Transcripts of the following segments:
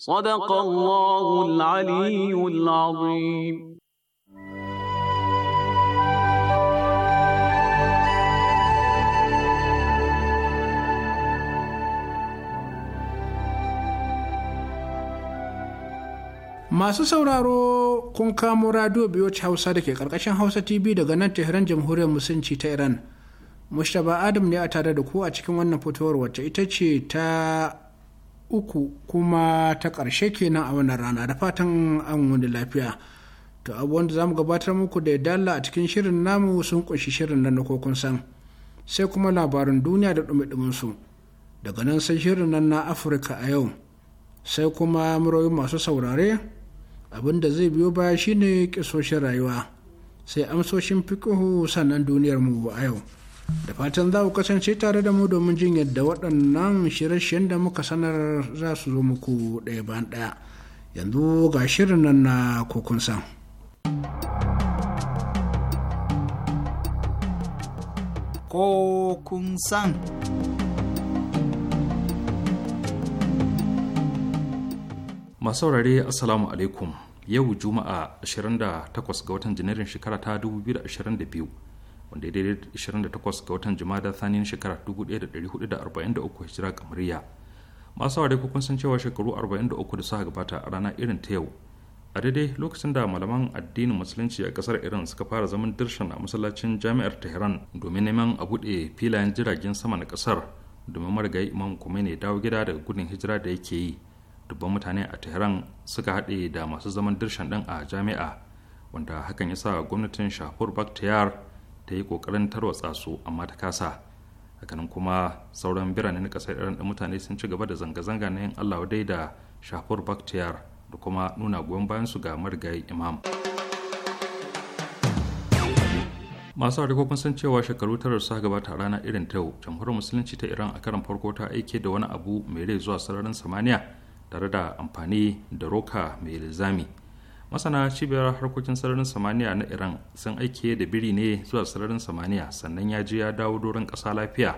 صدق الله العلي العظيم Masu sauraro kun kamo radio biyoci Hausa da ke ƙarƙashin Hausa TV daga nan Tehran Jamhuriyar Musulunci ta Iran. Mushtaba Adam ne a tare da ku a cikin wannan fitowar wacce ita ce ta uku kuma ta ƙarshe kenan a wannan rana da fatan an wani lafiya to abubuwan da zamu gabatar muku da dala a cikin shirin namu sun kunshi shirin nan na kokon san sai kuma labarin duniya da dumi su daga nan sai shirin nan na afirka a yau sai kuma muryoyi masu saurare abin da zai biyo baya shine kisoshin rayuwa sai amsoshin fikihu sannan duniyar mu a yau da fatan za ku kasance tare da mu domin jin yadda waɗannan shirye-shiryen da muka sanar za su zo muku ɗaya bayan ɗaya yanzu ga shirin nan na kokun san. Kokun san. Masu saurare Assalamu alaikum yau Juma'a 28 ga watan Janairun shekara ta 2022 wanda ya daidai 28 ga watan jumada thanin shekara 1443 hijira kamariya masu ko kun san cewa shekaru 43 da suka gabata a rana irin ta yau a daidai lokacin da malaman addinin musulunci a kasar iran suka fara zaman dirshan a masallacin jami'ar tehran domin neman a buɗe filayen jiragen sama na kasar domin marigayi imam ne dawo gida daga gudun hijira da yake yi dubban mutane a tehran suka haɗe da masu zaman dirshan ɗin a jami'a wanda hakan ya sa gwamnatin shahur baktiyar ta yi kokarin tarwatsa su amma ta kasa hakanan kuma sauran birane na kasar iran da mutane sun ci gaba da zanga-zanga na yin allah dai da shafur baktiyar da kuma nuna goyon bayan su ga marigayi imam masu harkokin sun cewa shekaru tara su gabata rana irin ta yau jamhuriyar musulunci ta iran a karan farko ta aike da wani abu mai rai zuwa sararin samaniya tare da amfani da roka mai lizami masana cibiyar harkokin sararin samaniya na iran sun aike da biri ne zuwa sararin samaniya sannan ya ji ya dawo doron ƙasa lafiya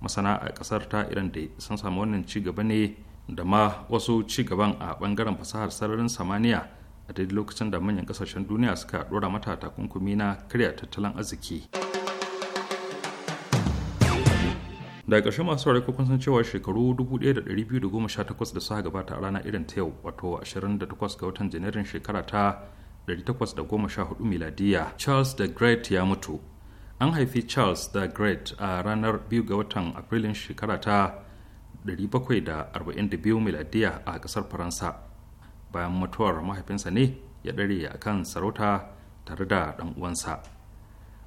masana a ƙasar ta iran da sun samu wannan cigaba ne da ma wasu ci gaban a ɓangaren fasahar sararin samaniya a daidai lokacin da manyan ƙasashen duniya suka ɗora mata takunkumi na karya tattalin arziki. da ƙarshe masu saurari kun san cewa shekaru 1218 da suka gabata a rana irin ta yau wato 28 ga watan janairun shekara ta 1814 miladiya charles the great ya mutu an haifi charles the great a ranar 2 ga watan afrilun shekara ta 742 miladiya a ƙasar faransa bayan mutuwar mahaifinsa ne ya ɗare a kan sarauta tare da ɗan uwansa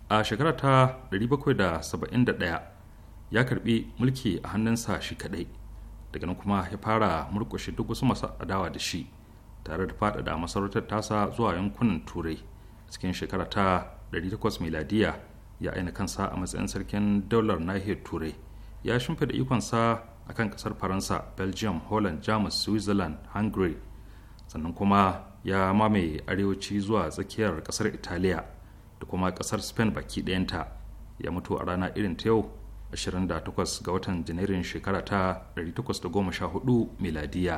a shekara ta 771 ya karbi mulki a hannunsa shi kadai daga nan kuma ya fara murkushe duk wasu masu adawa da shi tare da faɗaɗa masarautar tasa zuwa yankunan turai cikin shekara ta 800 miladiya ya aina kansa a matsayin sarkin daular nahiyar turai ya shimfida ikonsa a kan ƙasar faransa belgium holland jamus switzerland hungary sannan kuma ya mamaye arewaci zuwa tsakiyar ƙasar italiya da kuma ƙasar spain baki ɗayanta ya mutu a rana irin ta yau 28 ga watan janairun shekara ta 1814 miladiya.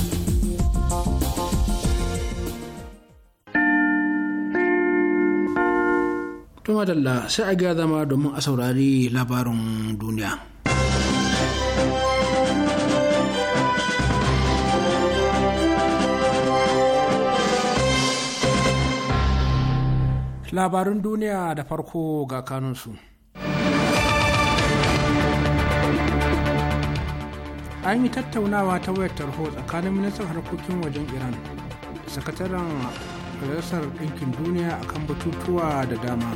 Tun madalla sai a gaya zama domin a saurari labarin duniya. Labarin duniya da farko ga kanunsu. An yi tattaunawa ta wayar tarho tsakanin ministan harkokin wajen Iran da sakataren majalisar ɗinkin duniya akan batutuwa da dama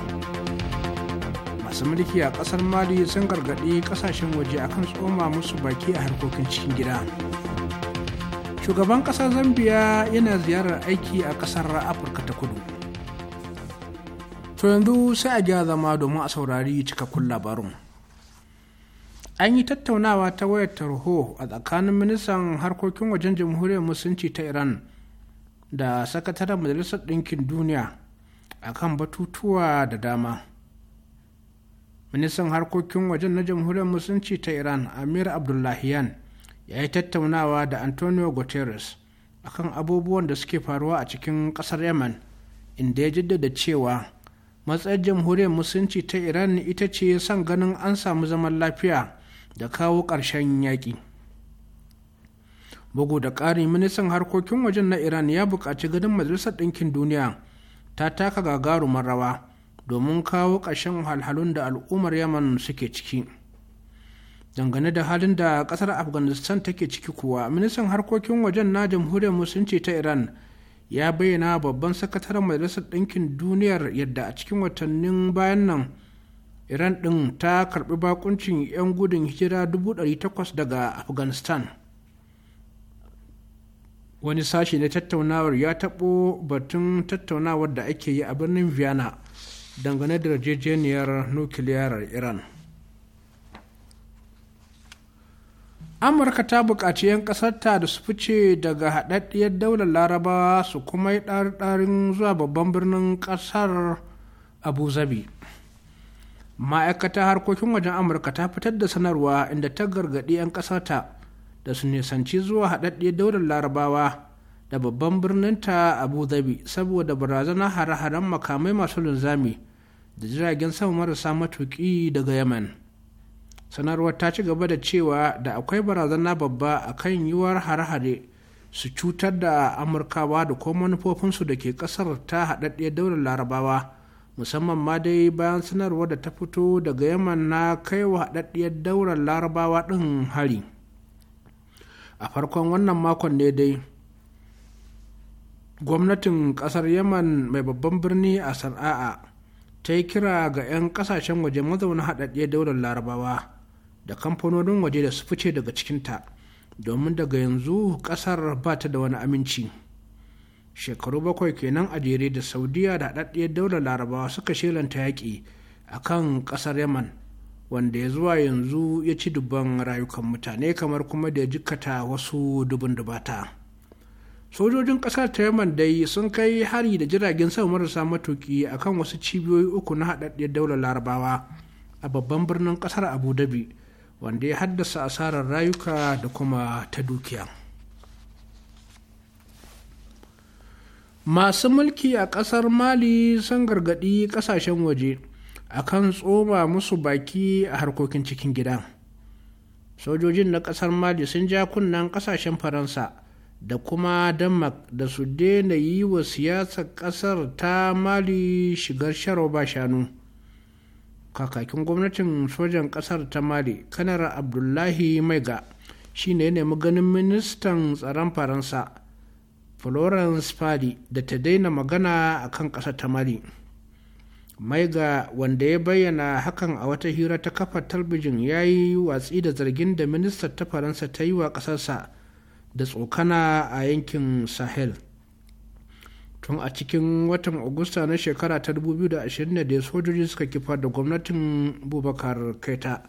masu mulki a ƙasar mali sun gargaɗi ƙasashen waje akan tsoma musu baki a harkokin cikin gida shugaban ƙasar zambia yana ziyarar aiki a ƙasar afirka ta kudu to yanzu sai a gyara zama domin a saurari cikakkun labarun an yi tattaunawa ta wayar tarho a tsakanin ministan harkokin wajen jamhuriyar musulunci ta iran da sakataren majalisar ɗinkin duniya a kan batutuwa da dama ministan harkokin wajen na jamhuriyar musulunci ta iran amir abdullahiyan ya yi tattaunawa da antonio guterres akan abubuwan da suke faruwa a cikin ƙasar yemen inda ya jaddada cewa matsayin jamhuriyar musulunci ta iran ita ce son ganin an samu zaman lafiya da kawo ƙarshen yaƙi bugu da ƙari ministan harkokin wajen na iran ya buƙaci ganin majalisar ɗinkin duniya ta taka gagarumar rawa domin kawo ƙarshen halhalun da al'ummar yaman suke ciki dangane da halin da ƙasar afghanistan take ciki kuwa ministan harkokin wajen na jamhuriyar musulunci ta iran ya bayyana babban sakataren majalisar ɗinkin duniyar yadda a cikin watannin bayan nan iran ɗin ta karɓi bakuncin 'yan gudun hijira 800 daga afghanistan wani sashe na tattaunawar ya taɓo batun tattaunawar da ake yi a birnin vienna dangane da yarjejeniyar nukiliyar iran amurka ta buƙaci 'yan ƙasarta da su fice daga haɗaɗɗiyar daular larabawa su kuma yi ɗarin zuwa babban birnin ƙasar abu zabi ma'aikatar harkokin wajen amurka ta fitar da sanarwa inda ta gargaɗi 'yan ƙasarta da su nisanci zuwa haɗaɗɗiyar daular larabawa da babban birninta abu dhabi saboda barazanar hare-haren makamai masu linzami da jiragen sama marasa matuƙi daga yaman sanarwar ta ci gaba da cewa da akwai barazana babba a kan yiwuwar hare-hare su cutar da amurkawa da ko manufofinsu da ke ƙasar ta haɗaɗɗiyar daular larabawa musamman ma dai bayan sanarwar da ta fito daga yaman na kaiwa haɗaɗɗiyar daular larabawa ɗin hari a farkon wannan makon ne dai gwamnatin kasar yaman mai babban birni a sana'a ta yi kira ga 'yan kasashen waje mazauna haɗaɗɗe daular larabawa da kamfanonin waje da su fice daga cikinta domin daga yanzu kasar ba ta da wani aminci shekaru bakwai kenan a jere da saudiya da haɗaɗɗiyar daular larabawa suka shelanta yaƙi a kan ƙasar yaman wanda ya zuwa yanzu ya ci dubban rayukan mutane kamar kuma da ya jikata wasu dubun dubata sojojin ƙasar ta yaman dai sun kai hari da jiragen sama marasa matuki akan wasu cibiyoyi uku na haɗaɗɗiyar daular larabawa a babban birnin ƙasar abu dhabi wanda ya haddasa asarar rayuka da kuma ta dukiya masu mulki a ƙasar mali sun gargaɗi ƙasashen waje akan tsoma musu baki a harkokin cikin gida sojojin na kasar mali sun ja kunnan kasashen faransa da kuma denmark da su daina yi wa siyasar kasar ta mali shigar sharo ba shanu kakakin gwamnatin sojan kasar ta mali kanar abdullahi maiga shi ne nemi ganin ministan tsaron faransa florence Fadi da ta daina magana a kan kasar ta mali maiga wanda ya bayyana hakan a wata hira ta kafar talbijin ya yi watsi da zargin da ministar ta faransa ta yi wa ƙasarsa da tsokana a yankin sahel tun a cikin watan agusta na shekara ta 2020 sojoji suka kifa da gwamnatin bubakar kaita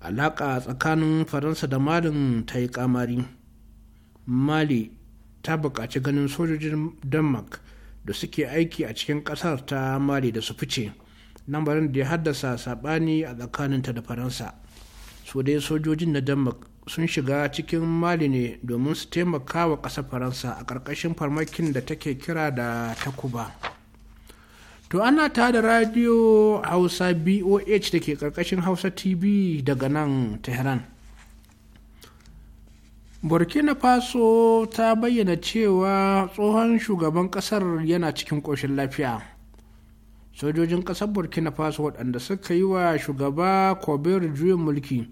alaƙa tsakanin faransa da malin ta yi kamari mali ta buƙaci ganin sojojin denmark da suke aiki a cikin kasar ta mali da su fice lambarin da ya haddasa saɓani a tsakaninta da faransa su dai sojojin na denmark sun shiga cikin mali ne domin su taimaka wa ƙasar faransa a ƙarƙashin farmakin da take kira da ta kuba. to ana ta da radio hausa boh da ke ƙarƙashin hausa tv daga nan tehran burkina faso ta bayyana cewa tsohon shugaban kasar yana cikin ƙoshin lafiya sojojin ƙasar burkina faso waɗanda suka yi wa shugaba kobir juyin mulki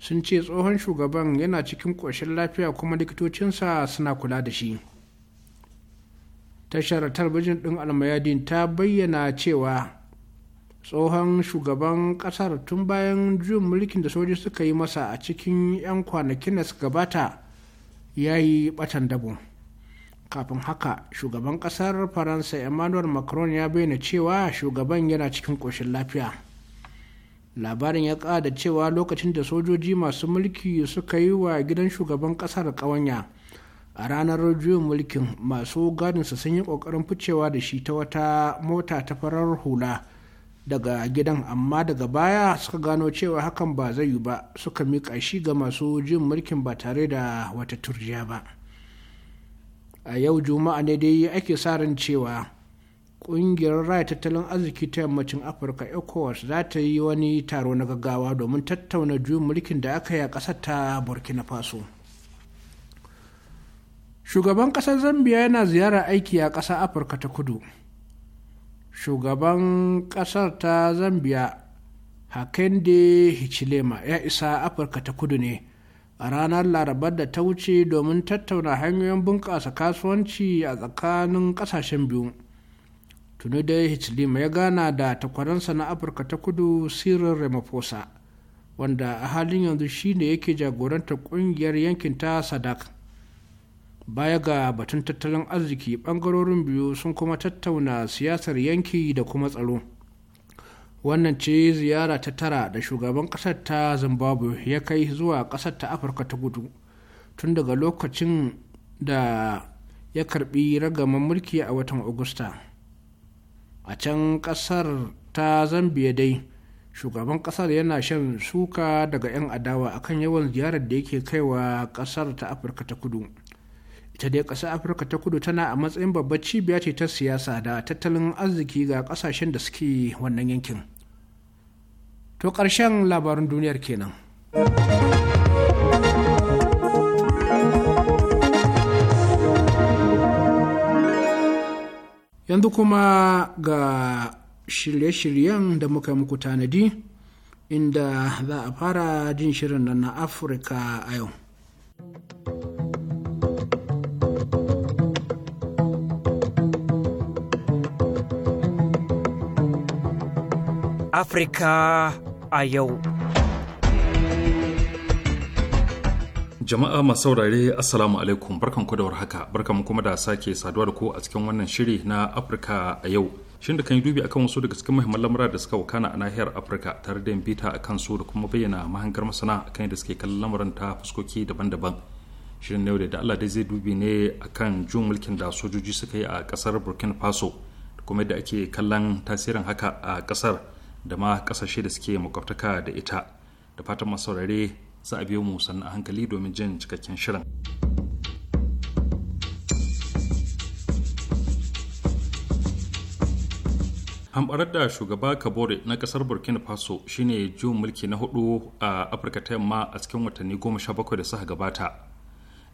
sun ce tsohon shugaban yana cikin ƙoshin lafiya kuma likitocinsa suna kula da shi tashar talbijin ɗin almayadin ta bayyana cewa tsohon shugaban ƙasar tun bayan juyin mulkin da sojoji suka yi masa a cikin 'yan kwanakin da suka gabata ya yi batan dabo kafin haka shugaban ƙasar faransa emmanuel macron ya bayyana cewa shugaban yana cikin ƙoshin lafiya labarin ya ƙada cewa lokacin da sojoji masu mulki suka yi wa gidan shugaban ƙasar ƙawanya a ranar juyin mulkin masu gadinsa sun yi ƙoƙarin ficewa da shi ta wata mota ta farar hula daga gidan amma daga baya suka gano cewa hakan ba zai yi ba suka miƙa shi ga masu jin mulkin ba tare da wata turjiya ba a yau juma'a ne dai ake sa ran cewa ƙungiyar raya tattalin arziki ta yammacin afirka ecowas za ta yi wani taro na gaggawa domin tattauna juyin mulkin da aka yi a ƙasar ta burkina faso shugaban ƙasar zambia yana ziyara aiki a ƙasar afirka ta kudu shugaban ƙasar ta zambia hakende hichilema ya isa afirka ta kudu ne a ranar larabar da ta wuce domin tattauna hanyoyin bunƙasa kasuwanci a tsakanin ƙasashen biyu tuni da hichilema ya gana da takwaransa na afirka ta kudu cyril ramaphosa wanda a halin yanzu shine yake jagorantar ƙungiyar yankin ta sadak baya ga batun tattalin arziki bangarorin biyu sun kuma tattauna siyasar yanki da kuma tsaro wannan ce ziyara ta tara da shugaban kasar ta zimbabwe ya kai zuwa ƙasar ta afirka ta gudu tun daga lokacin da ya karbi ragaman mulki a watan agusta a can kasar ta zambia dai shugaban kasar yana shan suka daga 'yan adawa akan yawan ziyarar da yake kaiwa kasar ta afirka ta kudu ita dai ƙasar afirka ta kudu tana a matsayin babbar cibiya ce ta siyasa da tattalin arziki ga ƙasashen da suke wannan yankin to ƙarshen labarin duniyar kenan yanzu kuma ga shirye-shiryen da muka muku tanadi inda za a fara jin shirin nan na afirka a yau Afirka a yau. Jama'a masu saurare Assalamu alaikum barkanku da warhaka barkan kuma da sake saduwa da ku a cikin wannan shiri na Afirka a yau. Shin da kan yi dubi akan wasu daga cikin muhimman lamura da suka wakana a nahiyar Afirka tare da bita a kan su da kuma bayyana mahangar masana kan yadda suke kallon lamuran ta fuskoki daban-daban. Shirin yau da Allah dai zai dubi ne akan jun mulkin da sojoji suka yi a kasar Burkina Faso da kuma yadda ake kallon tasirin haka a kasar. da ma kasashe da suke makwabtaka da ita da fatan masu saurare za a biyo mu sannan a hankali domin jin cikakken shirin. hamɓarar da shugaba kabore na ƙasar burkina faso shine juyin mulki na hudu a afirka ta yamma a cikin watanni goma sha bakwai da suka gabata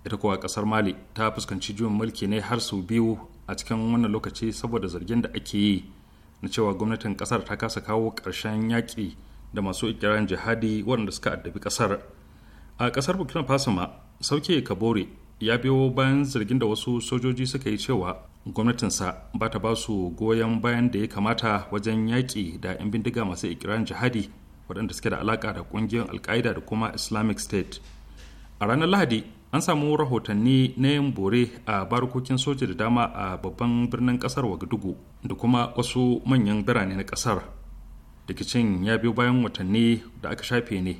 ita kuwa ƙasar mali ta fuskanci juyin mulki ne har sau biyu a cikin wannan lokaci saboda zargin da ake yi na cewa gwamnatin kasar ta kasa kawo ƙarshen yaƙi da masu ikirarin jihadi waɗanda suka addabi ƙasar a ƙasar burkina faso ma sauke kabore ya biyo bayan zargin da wasu sojoji suka yi cewa gwamnatinsa ba ta ba su goyon bayan da ya kamata wajen yaƙi da 'yan bindiga masu ikirarin jihadi waɗanda suke da alaƙa da ƙungiyar alƙa'ida da kuma islamic state a ranar lahadi an samu rahotanni na yin bore a barkokin soja da dama a babban birnin kasar wagadugu da kuma wasu manyan birane na kasar rikicin ya biyo bayan watanni da aka shafe ne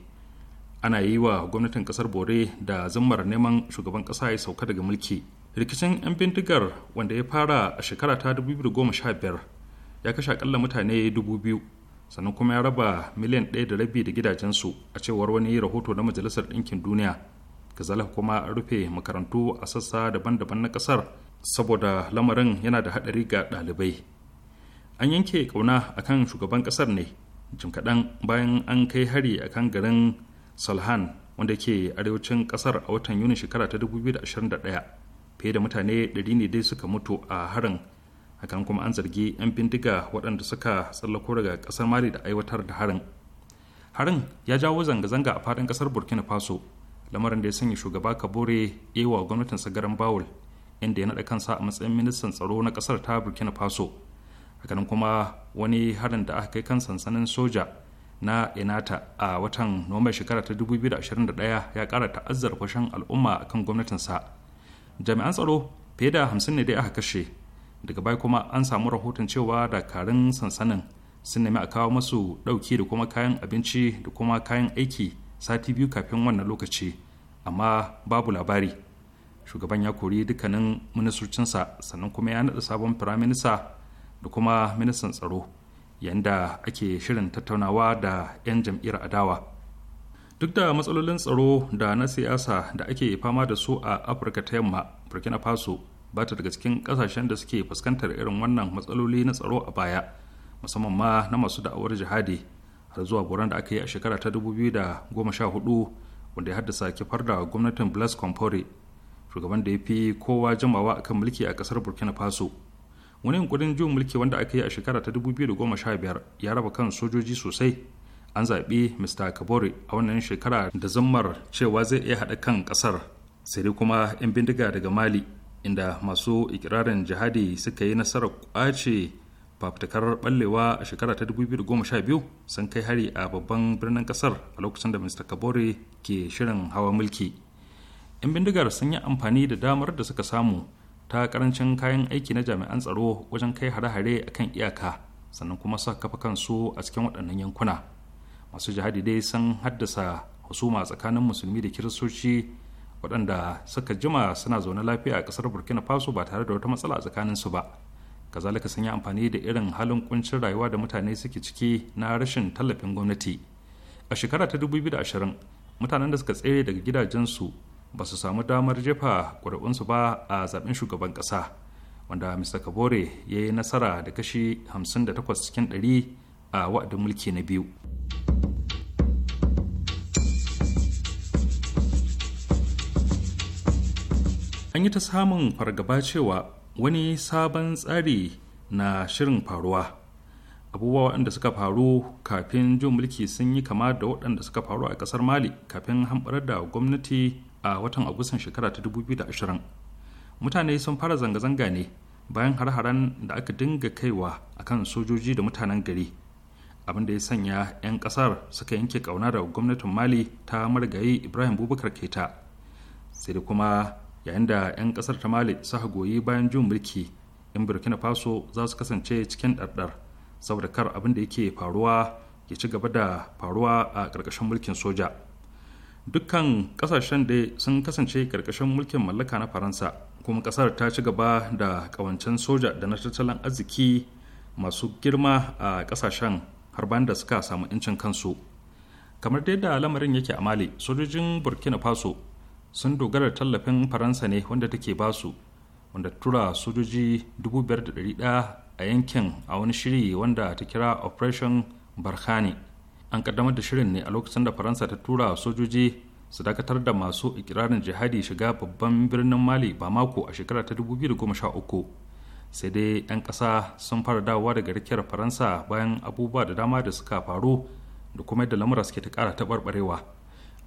ana yi wa gwamnatin kasar bore da zammar neman shugaban kasa ya sauka daga mulki rikicin 'yan bindigar wanda ya fara a shekara ta 2015 ya kashe akalla mutane 2000 sannan kuma ya raba miliyan ɗaya da rabi da gidajensu a cewar wani rahoto na majalisar ɗinkin duniya kazalika kuma rufe makarantu a sassa daban-daban na kasar saboda lamarin yana da haɗari ga ɗalibai an yanke kauna akan shugaban kasar ne jim kaɗan bayan an kai hari akan garin salhan wanda ke arewacin kasar a watan yuni shekara ta 2021 fiye da mutane 100 ne dai suka mutu a harin hakan kuma an zargi 'yan bindiga waɗanda suka tsallako daga ƙasar mali da aiwatar da harin harin ya jawo zanga-zanga a faɗin ƙasar burkina faso lamarin da ya sanya shugaba kabore wa gwamnatin sagaran bawul inda ya naɗa kansa a matsayin ministan tsaro na ƙasar ta burkina faso hakanan kuma wani harin da aka kai kan sansanin soja na inata a watan nomar shekara ta 2021 ya ƙara ta'azzar kwashen al'umma a akan gwamnatinsa jami'an tsaro fiye da hamsin ne dai aka kashe daga baya kuma an samu rahoton cewa dakarun sansanin sun nemi a kawo masu ɗauki da kuma kayan abinci da kuma kayan aiki sati biyu kafin wannan lokaci amma babu labari shugaban ya kori dukkanin ministocinsa sannan kuma ya naɗa sabon firaminista da kuma ministan tsaro yayin da ake shirin tattaunawa da 'yan jam'iyyar adawa duk da matsalolin tsaro da na siyasa da ake fama da su a afirka ta yamma burkina faso ba ta daga cikin kasashen da suke fuskantar irin wannan matsaloli na tsaro a baya musamman ma na masu da'awar jihadi har zuwa goron da aka yi a shekara ta 2014 wanda ya haddasa kifar da gwamnatin blaise compaore shugaban da ya fi kowa jimawa kan mulki a kasar burkina faso wani yankudin juyin mulki wanda aka yi a shekara ta 2015 ya raba kan sojoji sosai an zaɓi mr kabore a wannan shekara da zammar cewa zai iya haɗa kan ƙasar sai dai kuma 'yan bindiga daga mali inda masu ikirarin jihadi suka yi nasarar ƙwace fafutukar ballewa a shekara ta 2012 sun kai hari a babban birnin kasar a lokacin da mr kabore ke shirin hawa mulki 'yan bindigar sun yi amfani da damar da suka samu ta karancin kayan aiki na jami'an tsaro wajen kai hare-hare a kan iyaka sannan kuma suka kafa kansu a cikin waɗannan yankuna masu jihadi dai sun haddasa husuma tsakanin musulmi da kiristoci waɗanda suka jima suna zaune lafiya a ƙasar burkina faso ba tare da wata matsala a tsakaninsu ba kazalika sun yi amfani da irin halin kuncin rayuwa da mutane suke ciki na rashin tallafin gwamnati a shekara ta 2020 mutanen da suka tsere daga gidajensu ba su samu damar jefa ƙuri'unsu ba a zaɓen shugaban ƙasa wanda mr kabore ya yi nasara da kashi 58 cikin 100 a wa'adin mulki na biyu an yi ta samun fargaba cewa wani sabon tsari na shirin faruwa abubuwa waɗanda suka faru kafin jin mulki sun yi kama da waɗanda suka faru a ƙasar mali kafin hamɓarar da gwamnati a watan agustan shekara ta 2020 mutane sun fara zanga-zanga ne bayan har-haren da aka dinga kaiwa akan sojoji da mutanen gari abin da ya sanya 'yan ƙasar suka yanke ƙauna da gwamnatin mali ta marigayi ibrahim bubakar keta sai kuma yayin da 'yan kasar ta mali suka goyi bayan jin mulki in burkina faso za su kasance cikin ɗarɗar saboda kar abin da yake faruwa ya ci gaba da faruwa a ƙarƙashin mulkin soja dukkan ƙasashen da sun kasance ƙarƙashin mulkin mallaka na faransa kuma ƙasar ta ci gaba da ƙawancen soja da na tattalin arziki masu girma a ƙasashen har bayan da suka samu 'yancin kansu kamar dai da lamarin yake a mali sojojin burkina faso sun dogara tallafin faransa ne wanda take basu wanda tura sojoji 5,100 a yankin a wani shiri wanda ta kira operation barkhane an kaddamar da shirin ne a lokacin da faransa ta tura sojoji su dakatar da masu ikirarin jihadi shiga babban birnin mali ba mako a shekara ta 2013 sai dai 'yan kasa sun fara dawowa daga rikiyar faransa bayan abubuwa da dama da suka faru da kuma yadda lamura suke ta ƙara taɓarɓarewa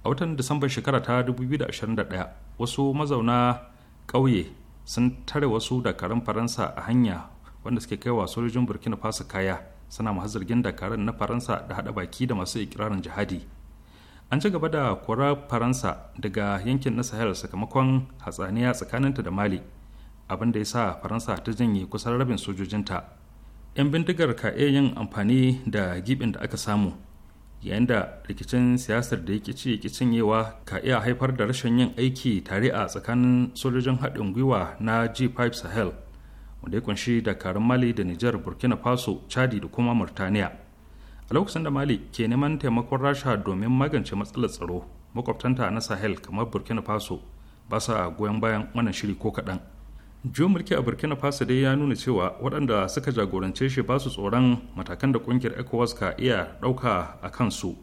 a watan disambar shekara ta 2021 wasu mazauna ƙauye sun tare wasu dakarun faransa a hanya wanda suke kai wa sojojin burkina faso kaya suna masu zargin dakarun na faransa da haɗa baki da masu ikirarin jihadi an ci gaba da kora faransa daga yankin na sahel sakamakon hatsaniya tsakaninta da mali abin da ya sa faransa ta janye kusan rabin sojojinta 'yan bindigar ka iya yin amfani da gibin da aka samu yayin da rikicin siyasar da yake ci yake cinyewa ka iya haifar da rashin yin aiki tare a tsakanin sojojin haɗin gwiwa na g5 sahel wanda ya kunshi dakarun mali da nijar burkina faso chadi da kuma murtaniya a lokacin da mali ke neman taimakon rasha domin magance matsalar tsaro makwabtanta na sahel kamar burkina faso ba sa goyon bayan wannan shiri ko kaɗan juyin mulki a burkina faso dai ya nuna cewa waɗanda suka jagorance shi ba su tsoron matakan da ƙungiyar ecowas ka iya ɗauka a kansu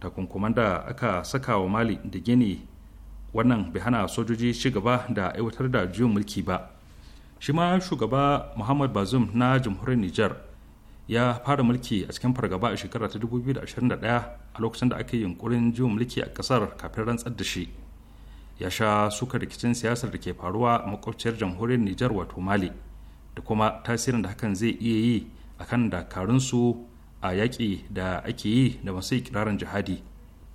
takunkuman da aka saka wa mali da gini wannan bai hana sojoji ci gaba da aiwatar da juyin mulki ba shi ma shugaba muhammad bazum na jamhuriyar niger ya fara mulki a cikin fargaba a shekara ta 2021 a lokacin da aka yi yunkurin juyin mulki a ƙasar kafin rantsar da shi ya sha suka rikicin siyasar da ke faruwa a makwabciyar jamhuriyar Nijar wato Mali da kuma tasirin da hakan zai iya yi a kan dakarunsu a yaƙi da ake yi da masu ikirarin jihadi.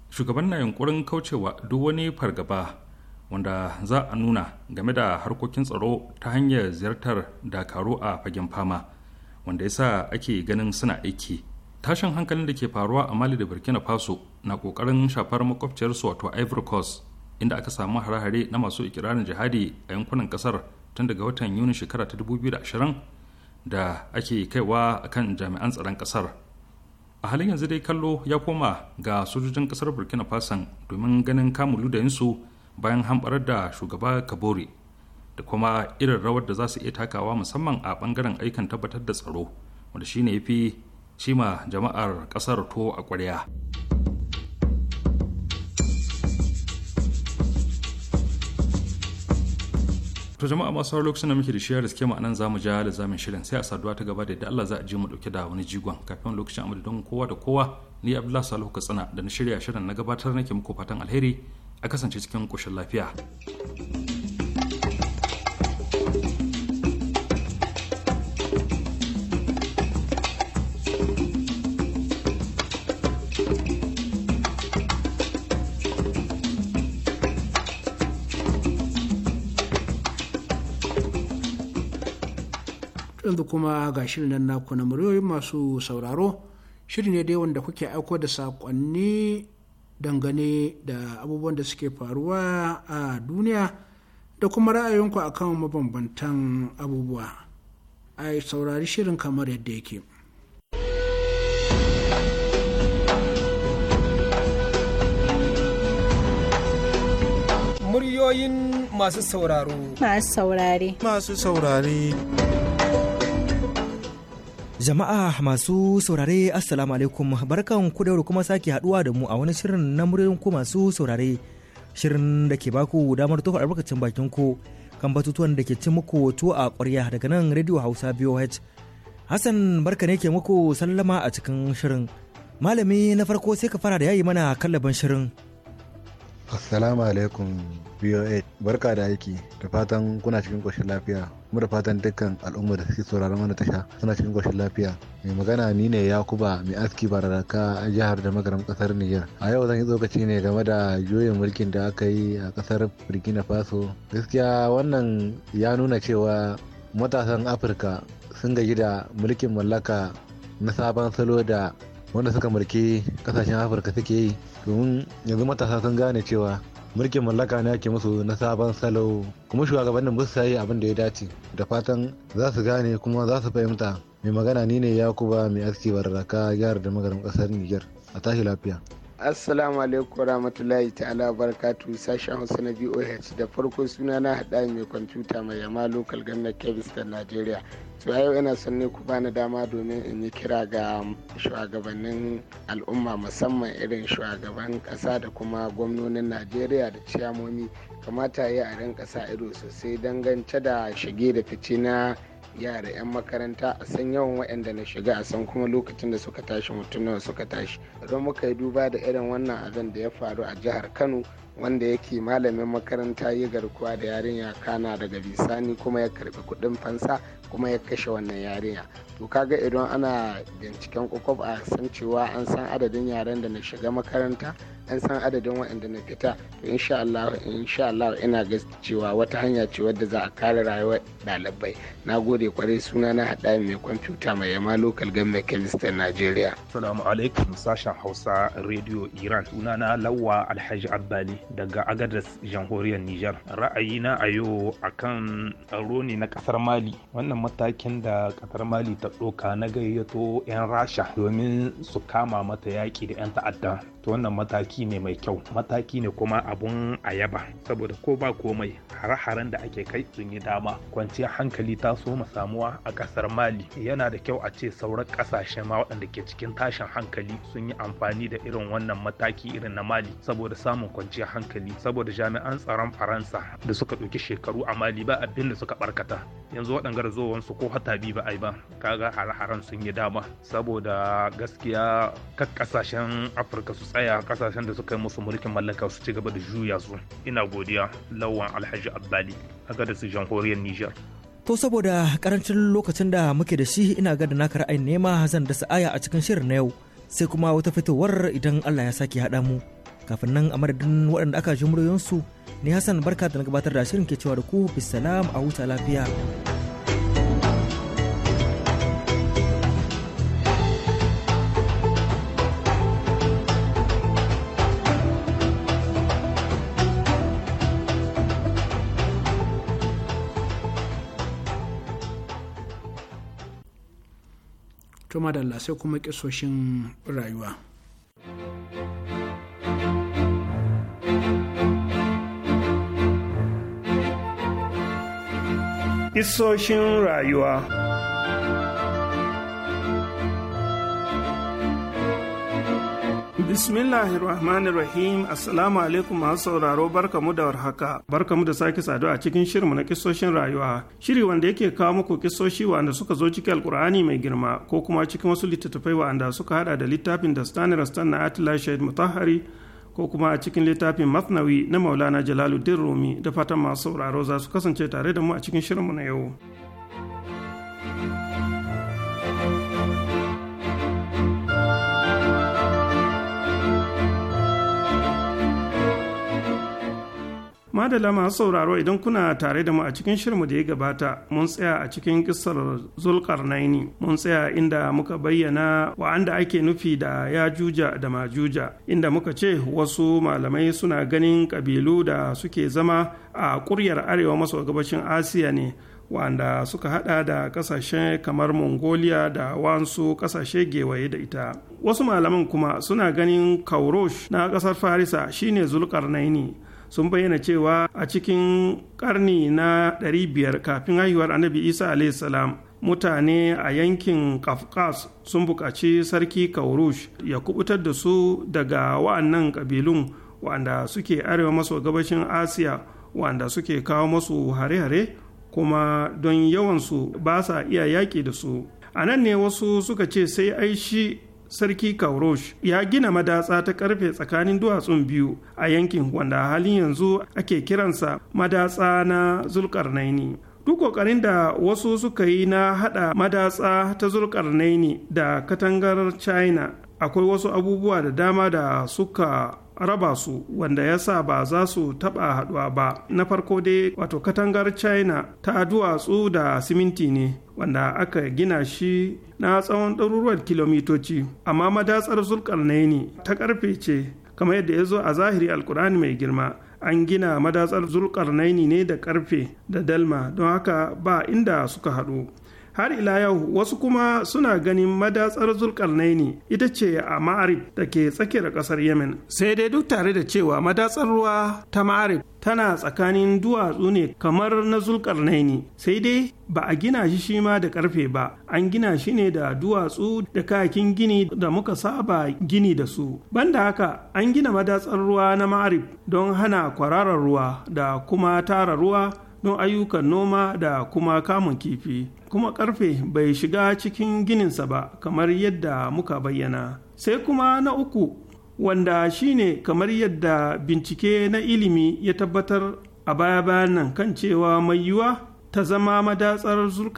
Shugaban na yunkurin kaucewa duk wani fargaba wanda za a nuna game da harkokin tsaro ta hanyar ziyartar dakaru a fagen fama wanda ya sa ake ganin suna aiki. Tashin hankalin da ke faruwa a Mali da Burkina Faso na ƙoƙarin shafar makwabciyarsu wato Ivory Coast inda aka samu hare-hare na masu ikirarin jihadi a yankunan kasar tun daga watan yuni shekara ta 2020 da ake kaiwa a kan jami'an tsaron kasar a halin yanzu dai kallo ya koma ga sojojin kasar burkina faso domin ganin kamun da yinsu bayan hamɓarar da shugaba kabore da kuma irin rawar da za su iya takawa musamman a bangaren aikin tabbatar da tsaro wanda shine ya fi cima jama'ar kasar to a ƙwarya. to jama'a masu sauran lokacin da muke da shiyar riske ma'anan za mu ja da zamin shirin sai a saduwa ta gaba da yadda Allah za a je mu dauke da wani jigon kafin lokacin amma don kowa da kowa ni Abdullahi Salihu Katsina da na shirya shirin na gabatar nake muku fatan alheri a kasance cikin koshin lafiya. yanzu kuma ga shirin nan naku na muryoyin masu sauraro shiri ne dai wanda kuke aiko da sakonni dangane da abubuwan da suke faruwa a duniya da kuma ra'ayinku kan mabambantan abubuwa a saurari shirin kamar yadda yake. muryoyin masu sauraro. Masu saurare. Masu saurare. Jama'a masu saurare Assalamu alaikum barkan ku da kuma sake haduwa da mu a wani shirin na muryoyin ku masu saurare shirin da ke baku damar tofa albarkacin bakin ku kan batutuwan da ke cin muku tuwo a ƙwarya daga nan Radio Hausa BOH. Hassan barka ne ke muku sallama a cikin shirin. Malami na farko sai ka fara da yayi mana kallaban shirin. Assalamu alaikum BOH barka da aiki da fatan kuna cikin koshin lafiya Kuma da fatan dukkan al'umma da suke sauraron mana tasha suna cikin goshin lafiya mai magana ni ne yakuba mai aski bararaka a jihar da magaram kasar niger a yau zan yi tsokaci ne game da juyin mulkin da aka yi a kasar burkina faso gaskiya wannan ya nuna cewa matasan afirka sun gaji da mulkin mallaka na sabon salo da wanda suka mulki kasashen afirka suke yi domin yanzu matasa sun gane cewa mulkin mallaka ne ake musu na sabon salo kuma shugabannin ba su sayi abin da ya dace da fatan za su gane kuma za su fahimta mai magana ni ne yakuba mai aski barraka gyara da magarin kasar niger a tashi lafiya assalamu alaikum rahmatullahi ta'ala barakatu sashen hausa na boh da farko suna na haɗa mai kwamfuta mai yama local gannar kebis da najeriya to yau ina son ne ku bani dama domin in yi kira ga shugabannin al'umma musamman irin shugaban ƙasa da kuma gwamnonin nigeria da ciyamomi kamata ya a rinka kasa ido sosai dangance da shige da fice na yara 'yan makaranta a san yawan waɗanda na shiga a san kuma lokacin da suka tashi mutum nawa suka tashi don muka yi duba da irin wannan abin da ya faru a jihar kano wanda yake malamin makaranta ya garkuwa da yarinya kana daga bisani kuma ya karbi kuɗin fansa kuma ya kashe wannan yarinya to kaga idan ana binciken kwakwab a san cewa an san adadin yaren da na shiga makaranta an san adadin waɗanda na fita to insha Allah insha Allah ina ga cewa wata hanya ce wadda za a kare rayuwar ɗalibai na gode kwarai suna na haɗa mai kwamfuta mai yama local government Najeriya. Assalamu alaikum sashen Hausa Radio Iran suna na Lawwa Alhaji Abbali daga Agadez Jamhuriyar Nijar ra'ayina a yau akan tsaro ne na kasar Mali wannan matakin da kasar Mali ta ɗauka na gayyato 'yan Rasha domin su kama mata yaƙi da 'yan ta'adda to wannan mataki ne mai kyau mataki ne kuma abun a yaba saboda ko ba komai hare-haren da ake kai sun yi dama kwanciyar hankali ta soma samuwa a kasar mali yana da kyau a ce sauran kasashe ma waɗanda ke cikin tashin hankali sun yi amfani da irin wannan mataki irin na mali saboda samun kwanciyar hankali saboda jami'an tsaron faransa da suka ɗauki shekaru a mali ba abin da suka barkata yanzu waɗanda su ko hata bi ba ai ba kaga hare-haren sun yi dama saboda gaskiya kan kasashen afirka su tsaya kasashen da suka yi musu mulkin mallaka su ci gaba da juya su ina godiya lawan alhaji abbali a gada su jamhuriyar niger To saboda karancin lokacin da muke da shi ina ga da naka ra'ayin nema zan da aya a cikin shirin na yau sai kuma wata fitowar idan Allah ya sake haɗa mu. Kafin nan a madadin waɗanda aka ji muryoyinsu ne Hassan barka da na gabatar da shirin ke cewa da ku bisalam a huta lafiya. to madalla sai kuma kisoshin rayuwa Isoshin rayuwa Bismillahirrahmanirrahim Assalamu alaikum masu sauraro barkamu da warhaka mu da sake saduwa a cikin shirinmu na kisoshin rayuwa shiri wanda yake kawo muku kisoshi wanda suka zo cikin alkur'ani mai girma ko kuma cikin wasu littattafai wanda suka hada da littafin da stan na atila shahid mutahari ko kuma a cikin littafin masnawi na maulana jalaluddin rumi da fatan masu sauraro za su kasance tare da mu a cikin shirinmu na yau. madala masu sauraro idan kuna tare da mu a cikin shirmu da ya gabata mun tsaya a cikin kisar zulkar naini mun tsaya inda muka bayyana wa'anda ake nufi da ya juja da majuja inda muka ce wasu malamai suna ganin kabilu da suke zama a kuryar arewa maso gabashin asiya ne wanda suka hada da kasashe kamar mongolia da wansu kasashe gewaye da ita wasu malaman kuma suna ganin kaurosh na kasar farisa shine zulkar naini sun bayyana cewa a cikin karni na 500 kafin haihuwar annabi isa salam mutane a yankin kafkas sun buƙaci sarki kaurush ya kubutar da su daga wa'annan ƙabilun wa'anda suke arewa maso gabashin asiya wa'anda suke kawo masu hare-hare kuma don yawansu ba sa iya yaƙi da su a nan ne wasu suka ce sai ai shi sarki kaurosh ya gina madatsa ta karfe tsakanin duwatsun biyu a yankin wanda halin yanzu ake kiransa madatsa na zulkarnaini duk ƙoƙarin da wasu suka yi na haɗa madatsa ta zulkarnaini da katangar china akwai wasu abubuwa da dama da suka raba su wanda ya sa ba za su taɓa haɗuwa ba na farko dai wato katangar china ta duwatsu da siminti ne wanda aka gina shi na tsawon ɗaruruwan kilomitoci amma madatsar zulkarnaini ta ƙarfe ce kamar yadda ya zo a zahiri alkur'ani mai girma an gina madatsar zulkarnaini ne da ƙarfe da dalma don haka ba inda suka haɗu har ila yau wasu kuma suna ganin madatsar naini ita ce a ma'arib da ke tsakiyar kasar yemen sai dai duk tare da cewa madatsar ruwa ta ma'arib tana tsakanin duwatsu ne kamar na naini, sai dai ba a gina shi shi ma da karfe ba an gina shi ne da duwatsu da kayakin gini da muka saba gini da su banda haka an gina madatsar ruwa na ma'arib don hana kwararar ruwa da kuma tara ruwa don ayyukan noma da kuma kamun kifi kuma karfe bai shiga cikin gininsa ba kamar yadda muka bayyana sai kuma na uku wanda shine kamar yadda bincike na ilimi ya tabbatar a baya-bayan nan kan cewa mai yiwuwa ta zama madatsar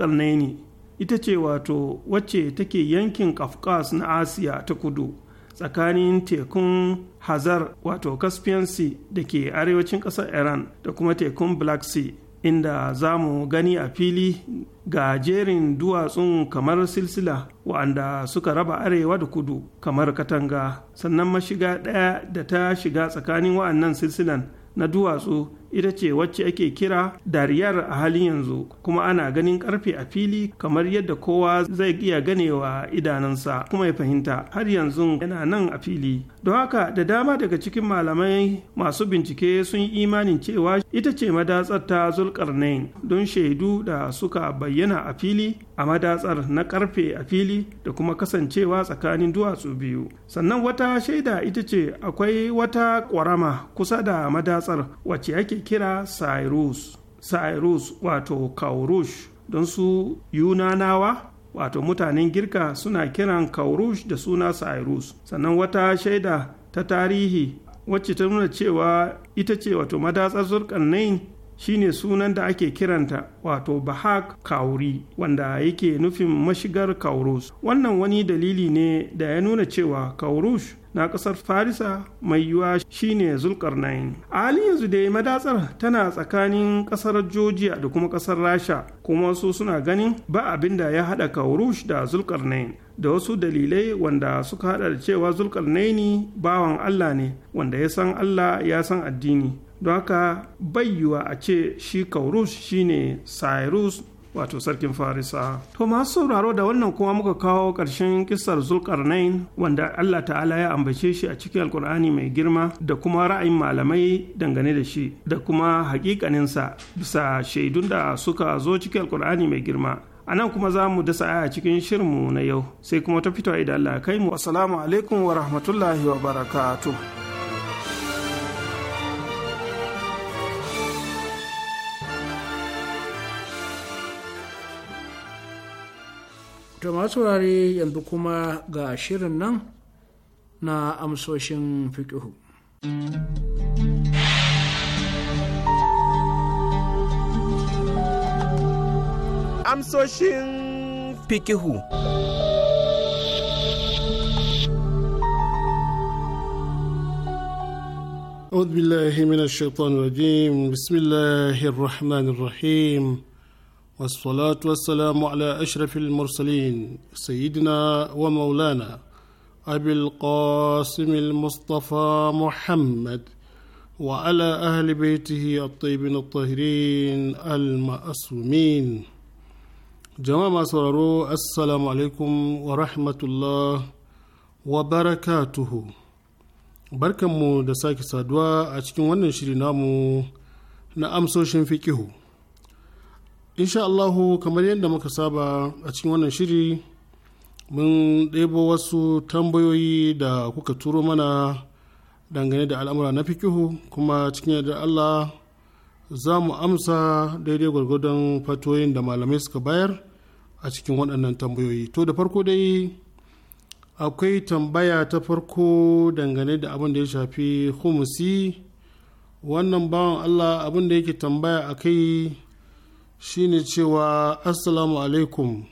naini ita ce wato wacce take yankin kafkas na asiya ta kudu tsakanin tekun hazar wato caspian sea da ke arewacin kasar iran da kuma tekun black sea inda za mu gani a fili ga jerin duwatsun kamar silsila wa'anda suka raba arewa da kudu kamar katanga sannan mashiga ɗaya da ta shiga tsakanin wa'annan silsilan na duwatsu ita ce wacce ake kira dariyar a halin yanzu kuma ana ganin karfe a fili kamar yadda kowa zai iya ganewa idanunsa kuma ya fahimta har yanzu yana nan a fili don haka da dama daga cikin malamai masu bincike sun yi imanin cewa ita ce madatsar ta zulkarnain don shaidu da suka bayyana a fili a madatsar na karfe a fili da kuma kasancewa tsakanin duwatsu biyu sannan wata shaida ita ce akwai wata ƙwarama kusa da madatsar wacce ake kira cyrus cyrus wato kaurush don su yunanawa wato mutanen girka suna kiran kaurush da suna cyrus sannan wata shaida ta tarihi wacce ta nuna cewa ita ce wato madatsar nain shine sunan da ake kiranta wato bahak kauri wanda yake nufin mashigar kaurus wannan wani dalili ne da ya nuna cewa kaurush na ƙasar farisa mai yiwuwa shine zulkarnain a halin yanzu dai madatsar tana tsakanin ƙasar georgia da kuma ƙasar rasha kuma wasu suna ganin ba abin da ya haɗa kaurush da zulkarnain da wasu dalilai wanda suka haɗa da cewa zulkarnaini bawan allah ne wanda ya san allah ya san addini don haka bayyuwa a ce shi kaurus shine cyrus wato sarkin farisa to masu sauraro da wannan kuma muka kawo ƙarshen kisar zulkarnain wanda allah ta'ala ya ambace shi a cikin alkur'ani mai girma da kuma ra'ayin malamai dangane da shi da kuma hakikaninsa bisa shaidun da suka zo cikin alkur'ani mai girma a nan kuma za mu dasa aya cikin shirinmu na yau sai kuma ta fito idan allah kai mu assalamu alaikum wa rahmatullahi wa barakatuh to masu wurare yanzu kuma ga shirin nan na amsoshin fiƙihu. Amsoshin fiƙihu. أعوذ بالله من الشيطان الرجيم بسم الله الرحمن الرحيم والصلاة والسلام على أشرف المرسلين سيدنا ومولانا أبي القاسم المصطفى محمد وعلى أهل بيته الطيبين الطاهرين المأسومين جماعة سرروا السلام عليكم ورحمة الله وبركاته barkanmu da sake saduwa a cikin wannan shiri namu na amsoshin fikihu insha Allahu kamar yadda muka saba a cikin wannan shiri mun ɗebo wasu tambayoyi da kuka turo mana dangane da al'amura na fikihu kuma cikin yadda Allah za mu amsa daidai gwargwadon fatoyin da malamai suka bayar a cikin waɗannan tambayoyi to da farko dai akwai tambaya ta farko dangane da abin da ya shafi humusi wannan bawan Allah abin da yake tambaya a kai shine cewa assalamu alaikum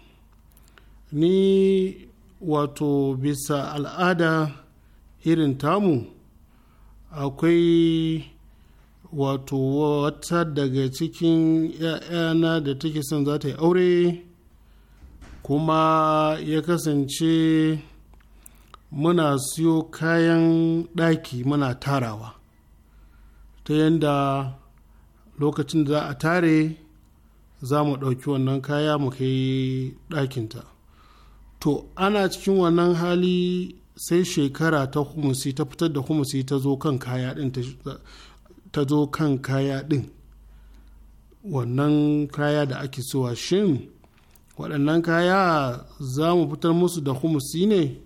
ni wato bisa al'ada irin tamu akwai wato wata daga cikin 'ya'yana da take son za ta yi aure kuma ya kasance muna siyo kayan ɗaki muna tarawa ta yadda lokacin da za a tare za mu ɗauki wannan kaya mu kai ɗakinta to ana cikin wannan hali sai shekara ta humusi ta fitar da humusi ta zo kan kaya ɗin ta zo kan kaya ɗin wannan kaya da ake sowa shin waɗannan kaya za mu fitar musu da humusi ne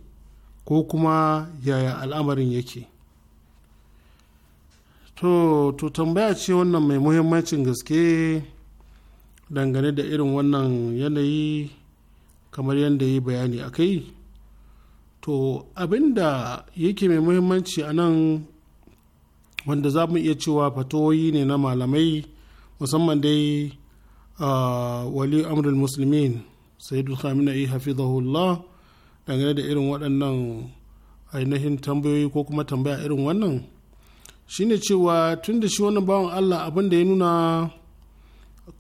ko kuma yaya al'amarin yake to to tambaya ce wannan mai muhimmancin gaske dangane da irin wannan yanayi kamar yadda yi bayani a kai to abin da yake mai muhimmanci a nan wanda za mu iya cewa fatoyi ne na malamai musamman dai wali amrul musulmin sayyidu khamenei hafizahullah dangane da irin waɗannan ainihin tambayoyi ko kuma tambaya irin wannan shine cewa tun da shi wannan bawan allah abin da ya nuna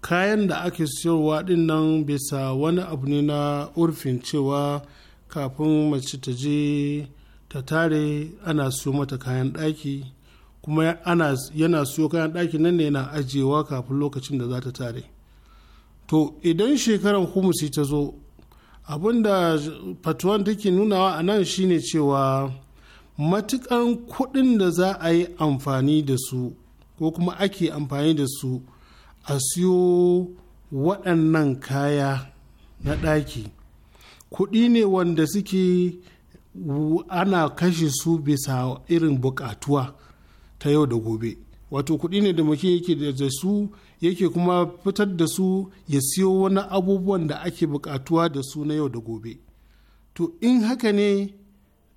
kayan da ake siyarwa din nan bisa wani abu ne na urfin cewa kafin mace ta je ta tare ana siyo mata kayan ɗaki kuma yana siyo kayan ɗaki nan ne yana ajiyewa kafin lokacin da za ta tare to idan shekarar humusi ta zo abinda fatuwan take nunawa a nan shine cewa matukan kuɗin da za a yi amfani da su ko kuma ake amfani da su a siyo waɗannan kaya na ɗaki kuɗi ne wanda suke ana kashe su bisa irin buƙatuwa ta yau da gobe wato kuɗi ne da muke yake da su yake kuma fitar da su ya siyo wani abubuwan da ake buƙatuwa da su na yau da gobe to in haka ne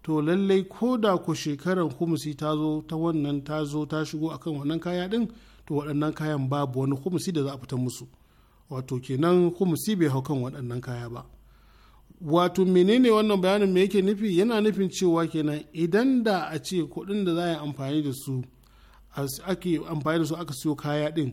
to lallai ko da ku shekaran kuma ta zo ta wannan ta zo ta shigo akan wannan kaya ɗin to waɗannan kayan babu wani kumsi da za a fitar musu wato kenan humusi bai hau kan waɗannan kaya ba wato menene wannan bayanin me yake nufi yana nufin cewa kenan idan da a ce kuɗin da za a yi amfani da su ake amfani da su aka siyo kaya ɗin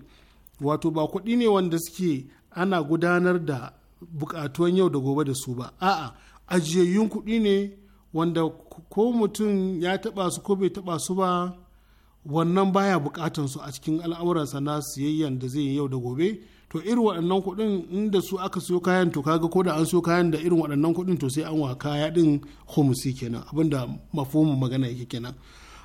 wato ba kuɗi ne wanda suke ana gudanar da buƙatuwan yau da gobe da su ba a'a ajiyayyun kuɗi ne wanda ko mutum ya taɓa su ko bai taɓa su ba wannan baya bukatan su a cikin al'amuransa na siyayyan da zai yi yau da gobe to irin waɗannan kuɗin inda su aka siyo kayan to kaga ko da an siyo kayan da irin waɗannan kuɗin to sai an wa kaya ɗin homsi kenan abinda mafhumin magana yake kenan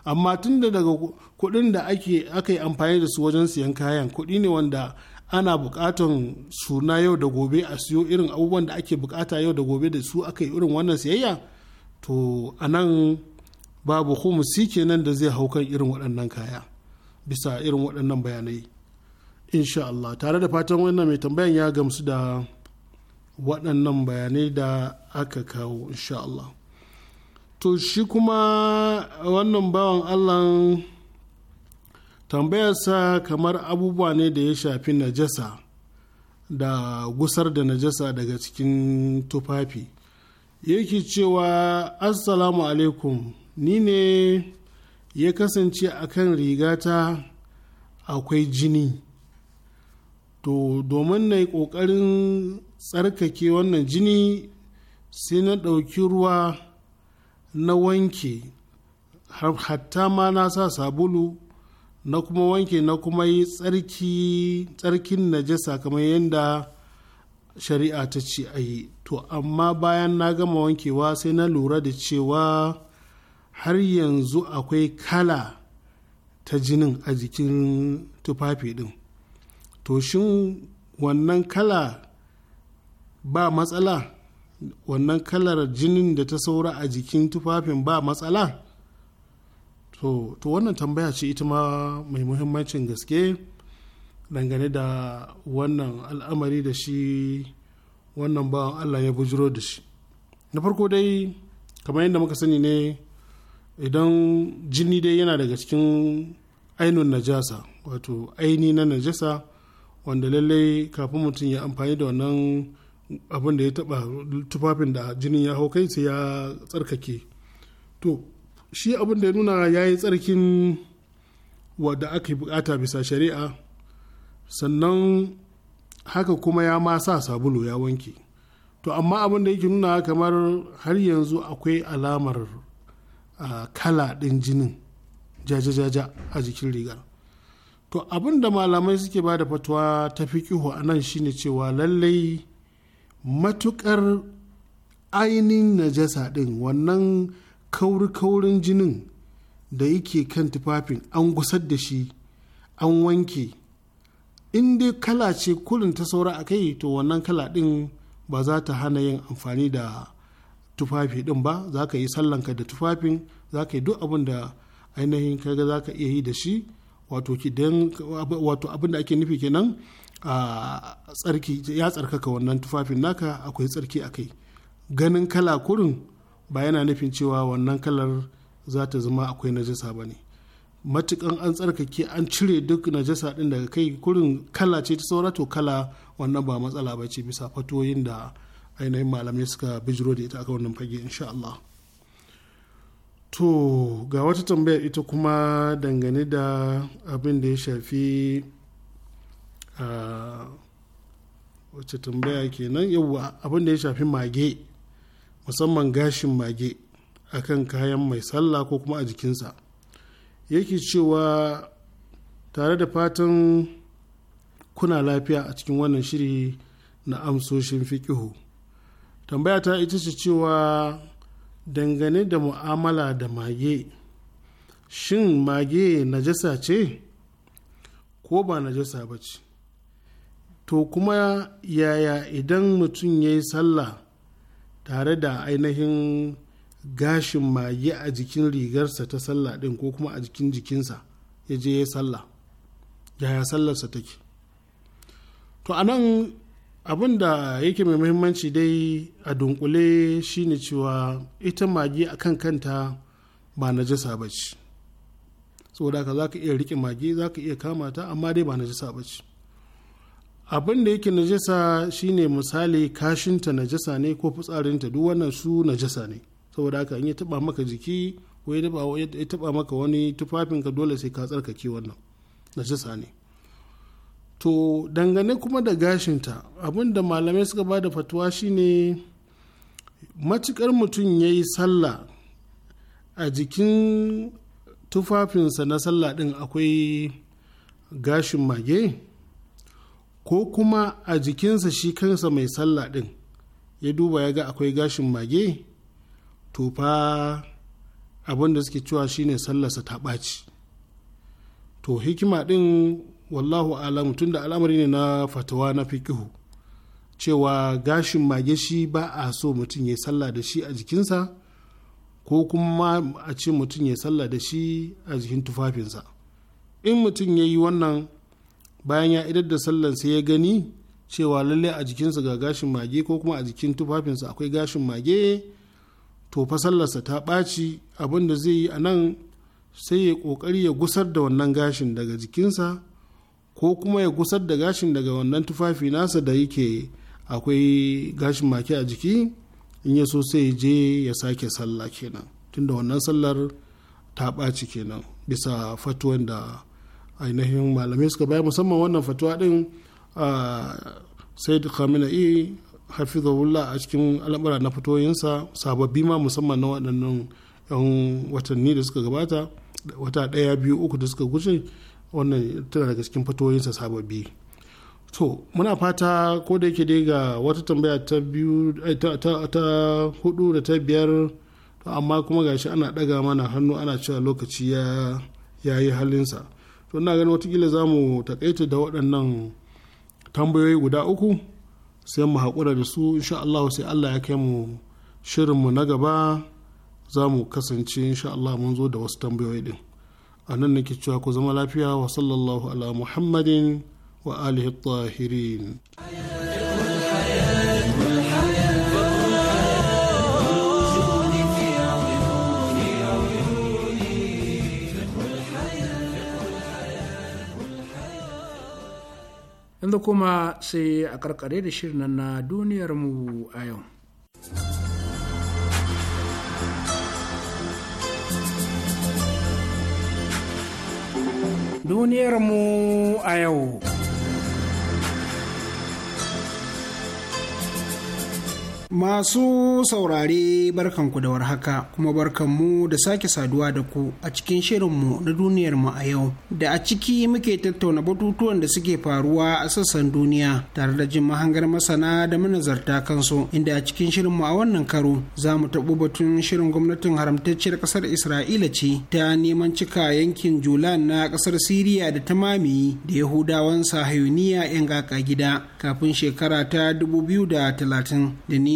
amma tunda daga kuɗin da ake aka yi amfani da su wajen siyan kayan kuɗi ne wanda ana bukatan suna yau da gobe a siyo irin abubuwan da ake bukata yau da gobe da su aka yi irin wannan siyayya to anan babu humusi kenan da zai hau kan irin waɗannan kaya bisa irin waɗannan bayanai insha Allah tare da fatan wannan mai tambayan ya gamsu da waɗannan bayanai da aka kawo insha Allah to shi kuma wannan bawan Allah tambayarsa kamar abubuwa ne da ya shafi najasa da gusar da najasa daga cikin tufafi yake cewa assalamu alaikum ni ne ya kasance a kan rigata akwai jini to domin na yi ƙoƙarin tsarkake wannan jini sai na ɗauki ruwa na wanke hatta ma na sa sabulu na kuma wanke na kuma yi tsarki tsarkin najasa kamar yadda shari'a ta ce a yi to amma bayan na gama wankewa sai na lura da cewa har yanzu akwai kala ta jinin a jikin tufafi din to shin wannan kala ba matsala wannan kalar jinin da ta saura a jikin tufafin ba matsala to, to wannan tambaya ce ita ma mai muhimmancin gaske dangane da wannan al'amari da shi wannan bawan allah ya bujiro da shi na farko dai kamar yadda muka sani ne idan jini dai yana daga cikin ainun najasa wato aini na najasa wanda lallai kafin mutum ya amfani da wannan abin da ya taba tufafin da jinin ya hau kai sai ya tsarkake to shi abin da ya nuna ya yi tsarkin wadda aka yi bukata bisa shari'a sannan haka kuma ya ma sa sabulu ya wanke to amma abin da yake nuna kamar har yanzu akwai alamar kala ɗin jinin jaja-jaja a jikin rigar to abinda malamai suke ba da fatuwa ta kihu a nan shine cewa lallai matukar ainihin najasa ɗin wannan kauri-kaurin jinin da yake kan tufafin an gusar da shi an wanke in dai kala ce kulin ta saura a kai to wannan kala ɗin ba za ta hana yin amfani da tufafi din ba za ka yi sallanka da tufafin za ka yi duk abin da ainihin kaga za ka iya yi da shi wato wato abin da ake nufi kenan a tsarki ya tsarkaka wannan tufafin naka akwai tsarki a kai ganin kala kurin ba yana nufin cewa wannan kalar za ta zama akwai najasa ba ne matukan an tsarkake an cire duk najasa din daga kai kurin kala ce ta saura to kala wannan ba matsala ba ce bisa fatoyin da ainihin malamai suka bijiro da ita aka wannan fage insha Allah to ga wata tambaya ita kuma dangane da abin da ya shafi wacce tambaya kenan yawwa abin da ya shafi mage musamman gashin mage akan kayan mai sallah ko kuma a jikinsa yake cewa tare da fatan kuna lafiya a cikin wannan shiri na amsoshin fikihu tambaya ta ita ce cewa dangane da mu'amala da mage shin mage najasa ce ko ba najasa ba ce to kuma yaya idan mutum ya yi sallah tare da ainihin gashin mage a jikin rigarsa ta sallah din ko kuma a jikin jikinsa ya je ya yi sallah yaya sallarsa take to anan abin da yake mai muhimmanci dai a dunkule shine cewa ita magi a kan kanta ba jisa ba ce saboda haka za ka iya rike magi za ka iya kama ta amma dai ba najasa ba ce abin da yake najasa shine misali kashinta najasa ne ko fitsarinta duk wannan su najasa ne saboda haka in ya taba maka jiki ko ya taba maka wani tufafinka dole sai ka tsarkake wannan najasa ne to dangane kuma da gashinta abinda malamai suka ba da fatuwa shine matukar mutum ya yi sallah a jikin tufafinsa na sallah din akwai gashin mage ko kuma a jikinsa shi kansa mai sallah din ya duba ya ga akwai gashin mage to fa abin da suke cewa shine sallarsa ta ɓaci to hikima din wallahu alam da al'amari ne na fatawa na fikihu cewa gashin mage shi ba a so mutum ya sallah da shi a jikinsa ko kuma a ce mutum ya sallah da shi a jikin tufafinsa in mutum ya yi wannan bayan ya idar da sai ya gani cewa lalle a jikinsa ga gashin mage ko kuma a jikin tufafinsa akwai gashin mage to fa sallarsa ta ɓaci abin da zai yi a nan sai ya ƙoƙari ya gusar da wannan gashin daga jikinsa ko kuma ya gusar da gashin daga wannan tufafi nasa da yake akwai gashin maki a jiki in ya so sai je ya sake sallah kenan tunda wannan sallar ta ɓaci kenan bisa fatuwan da ainihin malamai suka bayar musamman wannan fatuwa din sai da khamenei hafizahullah a cikin al'amura na fatoyinsa sababbi ma musamman na waɗannan 'yan watanni da suka gabata wata ɗaya biyu uku da suka gushe wannan tana daga cikin fatoyinsa sababbi to muna fata ko da yake dai ga wata tambaya ta biyu eh, ta hudu da ta biyar to amma kuma gashi ana daga mana hannu ana cewa lokaci ya yi halinsa to ina ganin watakila za mu takaita da waɗannan tambayoyi guda uku sai mu haƙura da su insha Allah sai Allah ya kai mu shirin mu na gaba za mu kasance insha Allah mun zo da wasu tambayoyi din a nan nake cewa ku zama lafiya wa sallallahu ala muhammadin wa alihi tahirin yanzu kuma sai a karkare da shirin na duniyarmu a yau duniyarmu a yau. Masu saurare barkanku da warhaka kuma barkanmu da sake saduwa da ku a cikin shirinmu na duniyarmu a yau da a ciki muke tattauna batutuwan da suke faruwa a sassan duniya tare da jin mahangar masana da manazarta kansu inda a cikin shirin mu a wannan karo za mu taɓo batun shirin gwamnatin haramtacciyar ƙasar Isra'ila ce ta neman cika yankin Julan na ƙasar Siriya da ta mamiyi da Yahudawan Sahayuniya 'yan gaka gida kafin shekara ta 2030 da ni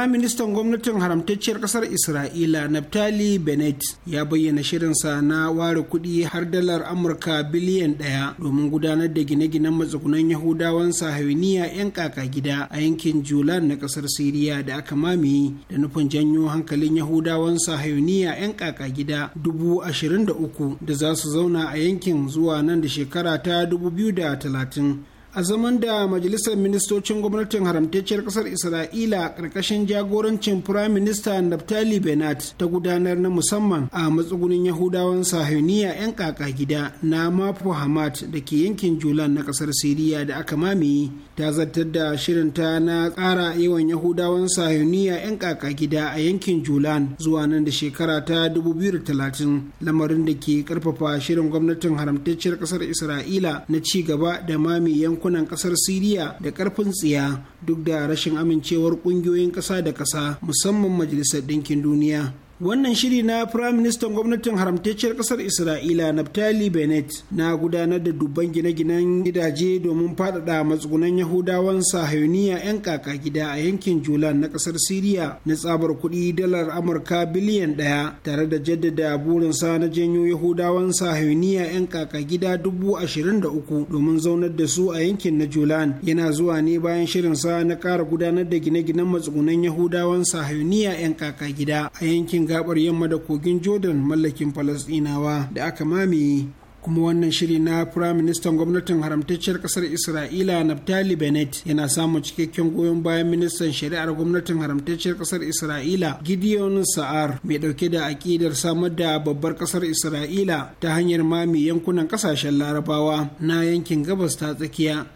Firaministan gwamnatin haramtacciyar ƙasar Isra'ila Naftali Bennett ya bayyana shirinsa na ware kuɗi har dalar Amurka biliyan ɗaya domin gudanar da gine-ginen matsugunan Yahudawan sahawiniya 'yan kaka gida a yankin Julan na ƙasar Siriya da aka mamaye da nufin janyo hankalin Yahudawan sahawiniya 'yan kaka gida dubu ashirin da uku da za su zauna a yankin zuwa nan da shekara ta dubu biyu da talatin a zaman da majalisar ministocin gwamnatin haramtacciyar kasar isra'ila ƙarƙashin jagorancin prime minister naftali benat ta gudanar na musamman a matsugunin yahudawan sahiniya 'yan kaka gida na mafu hamad da ke yankin julan na kasar siriya da aka mamaye ta zartar da shirinta na ƙara yawan yahudawan sahiyoniya 'yan kaka gida a yankin julan zuwa nan da shekara ta 2030 lamarin da ke karfafa shirin gwamnatin haramtacciyar ƙasar isra'ila na ci gaba da mami yankunan ƙasar siriya da ƙarfin tsiya duk da rashin amincewar ƙungiyoyin ƙasa da ƙasa musamman majalisar ɗinkin duniya wannan shiri na firayim ministan gwamnatin haramtacciyar kasar isra'ila naftali bennett na gudanar da dubban gine-ginen gidaje domin faɗaɗa matsugunan yahudawan sahauniya 'yan kaka gida a yankin julan na kasar siriya na tsabar kuɗi dalar amurka biliyan ɗaya tare da jaddada burinsa na janyo yahudawan sahauniya 'yan kaka gida dubu ashirin da uku domin zaunar da su a yankin na julan yana zuwa ne bayan shirin shirinsa na ƙara gudanar da gine-ginen matsugunan yahudawan sahauniya 'yan kaka gida a yankin gabar yamma da kogin jordan mallakin falasdinawa da aka mamaye kuma wannan shiri na firaministan gwamnatin haramtacciyar kasar isra'ila naftali bennett yana samun cikakken goyon bayan ministan shari'ar gwamnatin haramtacciyar kasar isra'ila gideon sa'ar mai dauke da aƙidar samar da babbar kasar isra'ila ta hanyar mami yankunan kasashen larabawa na yankin gabas ta tsakiya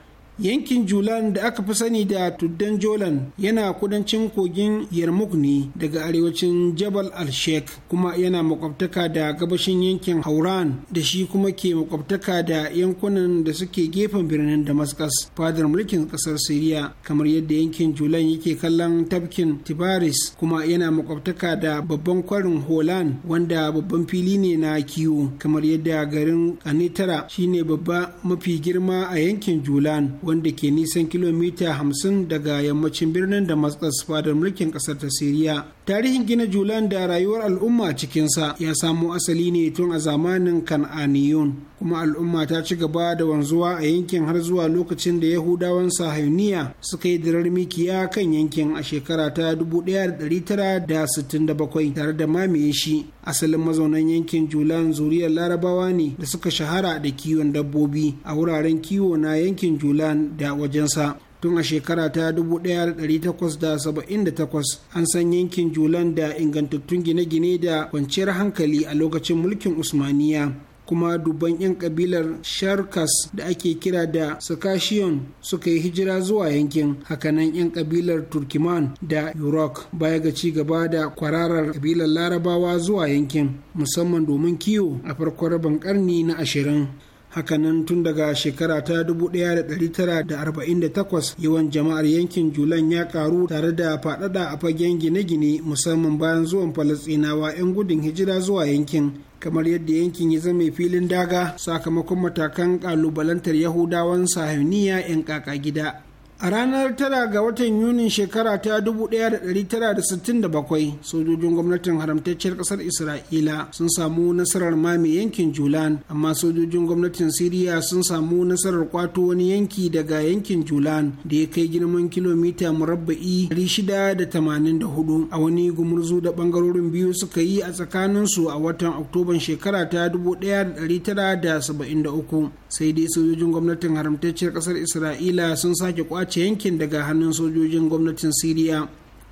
yankin julan da aka fi sani da tuddan jolan yana kudancin kogin yarmouk ne daga arewacin jabal al-sheikh kuma yana makwabtaka da gabashin yankin hauran da shi kuma ke makwabtaka da yankunan da suke gefen birnin damascus fadar mulkin kasar syria kamar yadda yankin julan yake kallon tafkin tibaris kuma yana makwabtaka da babban kwarin holan wanda babban fili ne na kiwo kamar yadda garin anitara shine babba mafi girma a yankin julan wanda ke nisan kilomita 50 daga yammacin birnin su fadar mulkin kasar ta siriya tarihin gina julan da rayuwar al'umma cikinsa ya samo asali ne tun a zamanin kan'aniyun kuma al'umma ta ci gaba da wanzuwa a yankin har zuwa lokacin da yahudawan sahayuniya suka yi dirar mikiya kan yankin a shekara ta 1967 tare da mamaye shi asalin mazaunan yankin julan zuriyar larabawa ne da suka shahara da kiwon dabbobi a wuraren kiwo na yankin julan da wajensa tun a shekara ta 1878 an san yankin julan da ingantattun gine-gine da kwanciyar hankali a lokacin mulkin usmaniya kuma dubban 'yan kabilar sharkas da ake kira da sakashiyon suka yi hijira zuwa yankin hakanan 'yan kabilar turkiman da yurok baya ga ci gaba da kwararar kabilar larabawa zuwa yankin musamman domin kiwo a farkon rabin karni na ashirin hakanan tun daga shekara ta 1948 yawan jama'ar yankin julan ya karu tare da fadada a fagen gine-gine musamman bayan zuwan falasɗinawa 'yan gudun hijira zuwa yankin kamar yadda yankin ya zama filin daga sakamakon matakan kalubalantar yahudawan sahiniya 'yan kaka gida A ranar tara ga watan Yunin shekara ta 1967, sojojin gwamnatin haramtacciyar ƙasar Isra'ila sun samu nasarar mame yankin Julan, amma sojojin gwamnatin Siriya sun samu nasarar kwato wani yanki daga yankin Julan da ya kai girman kilomita murabba'i 684 a wani gumurzu da bangarorin biyu suka yi a su a watan Oktoban shekara ta 1973. Sai dai sojojin gwamnatin haramtacciyar ƙasar Isra'ila sun sake kwace ce yankin daga hannun sojojin gwamnatin siriya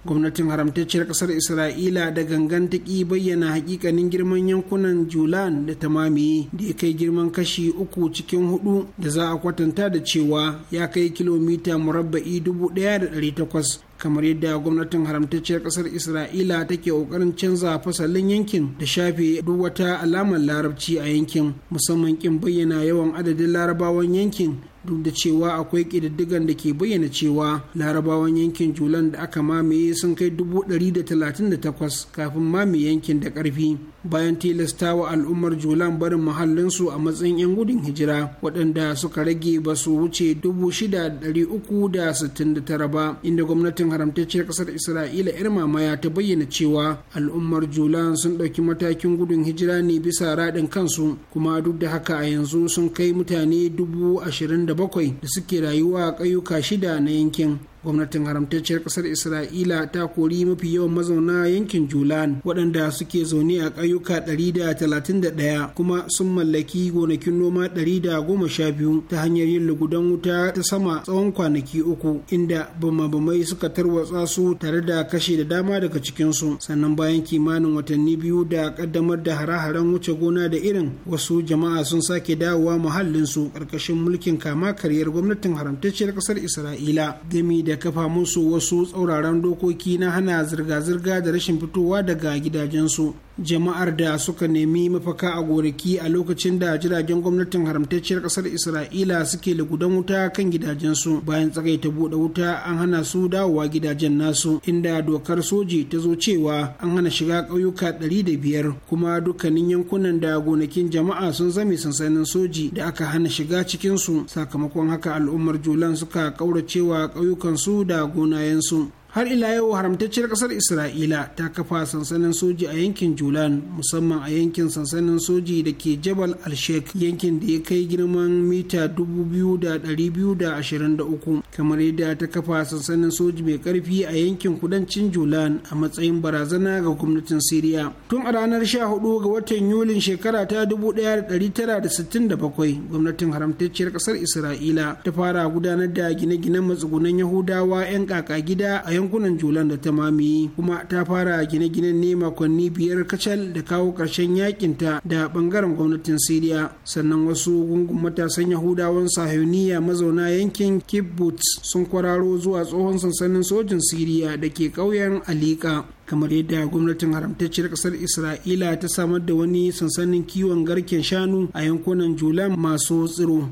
gwamnatin haramtacciyar kasar isra'ila da gangan ta bayyana hakikanin girman yankunan julan da tamami da ya kai girman kashi uku cikin hudu da za a kwatanta da cewa ya kai kilomita murabba'i dubu ɗaya da ɗari takwas kamar yadda gwamnatin haramtacciyar kasar isra'ila take kokarin canza fasalin yankin da shafe duk wata alamar larabci a yankin musamman kin bayyana yawan adadin larabawan yankin duk da cewa akwai ƙididdigan da ke bayyana cewa larabawan yankin julan da aka mamaye sun kai 138 kafin mamaye yankin da ƙarfi bayan tilastawa al'ummar julan barin muhallinsu a matsayin 'yan gudun hijira waɗanda suka rage ba su wuce 6,369 ba inda gwamnatin haramtacciyar ƙasar isra'ila 'yar mamaya ta bayyana cewa al'ummar julan sun ɗauki matakin gudun hijira ne bisa raɗin kansu kuma duk da haka a yanzu sun kai mutane dubu ashirin da bakwai da suke rayuwa a ƙauyuka shida na yankin gwamnatin haramtacciyar kasar isra'ila ta kori mafi yawan mazauna yankin julan waɗanda suke zaune a ƙauyuka 131 kuma sun mallaki gonakin noma 112 ta hanyar yin lugudan wuta ta sama tsawon kwanaki uku inda bama-bamai suka tarwatsa su tare da kashe da dama daga cikinsu sannan bayan kimanin watanni biyu da ƙaddamar da hare-haren wuce gona da irin wasu jama'a sun sake dawowa muhallinsu ƙarƙashin mulkin kama karyar gwamnatin haramtacciyar kasar isra'ila gami da ya kafa musu wasu tsauraran dokoki na hana zirga-zirga da rashin fitowa daga gidajensu jama'ar da suka nemi mafaka a gonaki a lokacin da jiragen gwamnatin haramtacciyar kasar isra'ila suke da gudan wuta kan gidajensu bayan tsagaita buɗe wuta an hana su dawowa gidajen nasu inda dokar soji ta zo cewa an hana shiga ƙauyuka ɗari da biyar kuma dukkanin yankunan da gonakin jama'a sun zame sansanin soji da aka hana shiga cikinsu sakamakon haka al'ummar julan suka ƙauracewa ƙauyukan su da gonayensu har ila yau haramtacciyar kasar isra'ila ta kafa sansanin soji a yankin julan musamman a yankin sansanin soji da ke jabal al-sheikh yankin da ya kai girman mita 2,223 kamar yadda ta kafa sansanin soji mai karfi a yankin kudancin julan a matsayin barazana ga gwamnatin siriya tun a ranar 14 ga watan yulin shekara ta 1967 gwamnatin haramtacciyar kasar isra'ila ta fara gudanar da gine-ginen matsugunan yahudawa 'yan kaka gida a yankunan julan da ta mamaye kuma ta fara gine gine ne makonni biyar kacal da kawo ƙarshen yakin ta da bangaren gwamnatin siriya sannan wasu gungun matasan yahudawan sahiyoniya mazauna yankin kibbutz sun kwararo zuwa tsohon sansanin sojin siriya da ke ƙauyen alika kamar yadda gwamnatin haramtacciyar ƙasar isra'ila ta samar da wani sansanin kiwon garken shanu a yankunan julan masu tsiro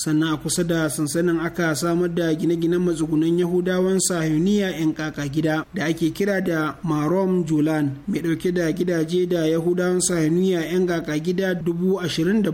sannan a kusa da sansanin aka samar da gine-ginen matsugunan yahudawan sahuniya 'yan kaka gida da ake kira da marom julan mai dauke da gidaje da yahudawan sahuniya 'yan kaka gida 27 da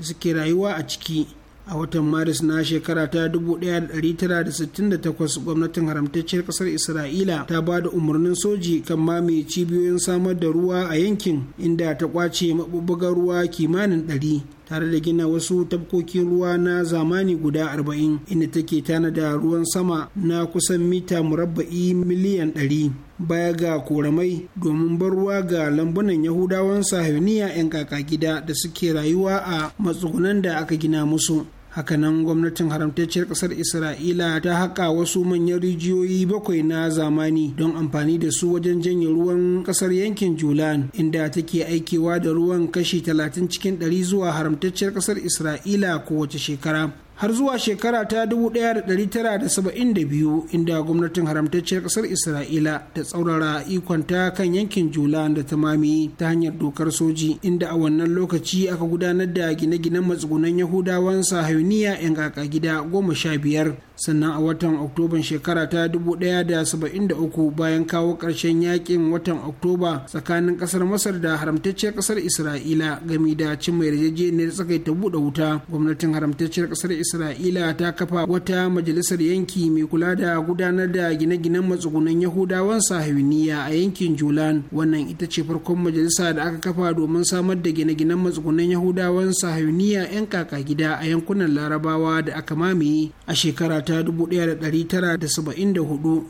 suke rayuwa a ciki a watan maris na shekara ta 1968 gwamnatin haramtacciyar kasar isra'ila ta ba da umarnin soji kan mame cibiyoyin samar da ruwa a yankin inda ta kwace mabubbugar ruwa kimanin 100 tare da gina wasu tabkokin ruwa na zamani guda 40 inda take tana da ruwan sama na kusan mita murabba'i miliyan 100 baya ga koramai domin bar ruwa ga lambunan yahudawan sahuniya 'yan kaka gida da suke rayuwa a matsugunan da aka gina musu hakanan gwamnatin haramtacciyar kasar isra'ila ta haƙa wasu manyan rijiyoyi bakwai na zamani don amfani da su wajen janye ruwan kasar yankin julan inda take aikewa da ruwan kashi talatin cikin ɗari zuwa haramtacciyar kasar isra'ila kowace shekara har zuwa shekara ta 1972 inda gwamnatin haramtacciyar kasar isra'ila ta tsaurara ikonta kan yankin jula da ta mamaye ta hanyar dokar soji inda a wannan lokaci aka gudanar da gine-ginen matsugunan yahudawan sahayuniya 'yan kaka gida goma sha biyar sannan a watan oktoban shekara ta 1973 bayan kawo ƙarshen yakin watan oktoba tsakanin ƙasar masar da haramtacciyar ƙasar isra'ila game da cin mai yarjejeniyar ta buɗe wuta gwamnatin haramtacciyar ƙasar isra'ila ta kafa wata majalisar yanki mai kula da gudanar da gine-ginen matsugunan yahudawan sahiwiniya a yankin julan wannan ita ce farkon majalisa da aka kafa domin samar da gine-ginen matsugunan yahudawan sahiwiniya 'yan kaka gida a yankunan larabawa da aka mamaye a shekara ta 1974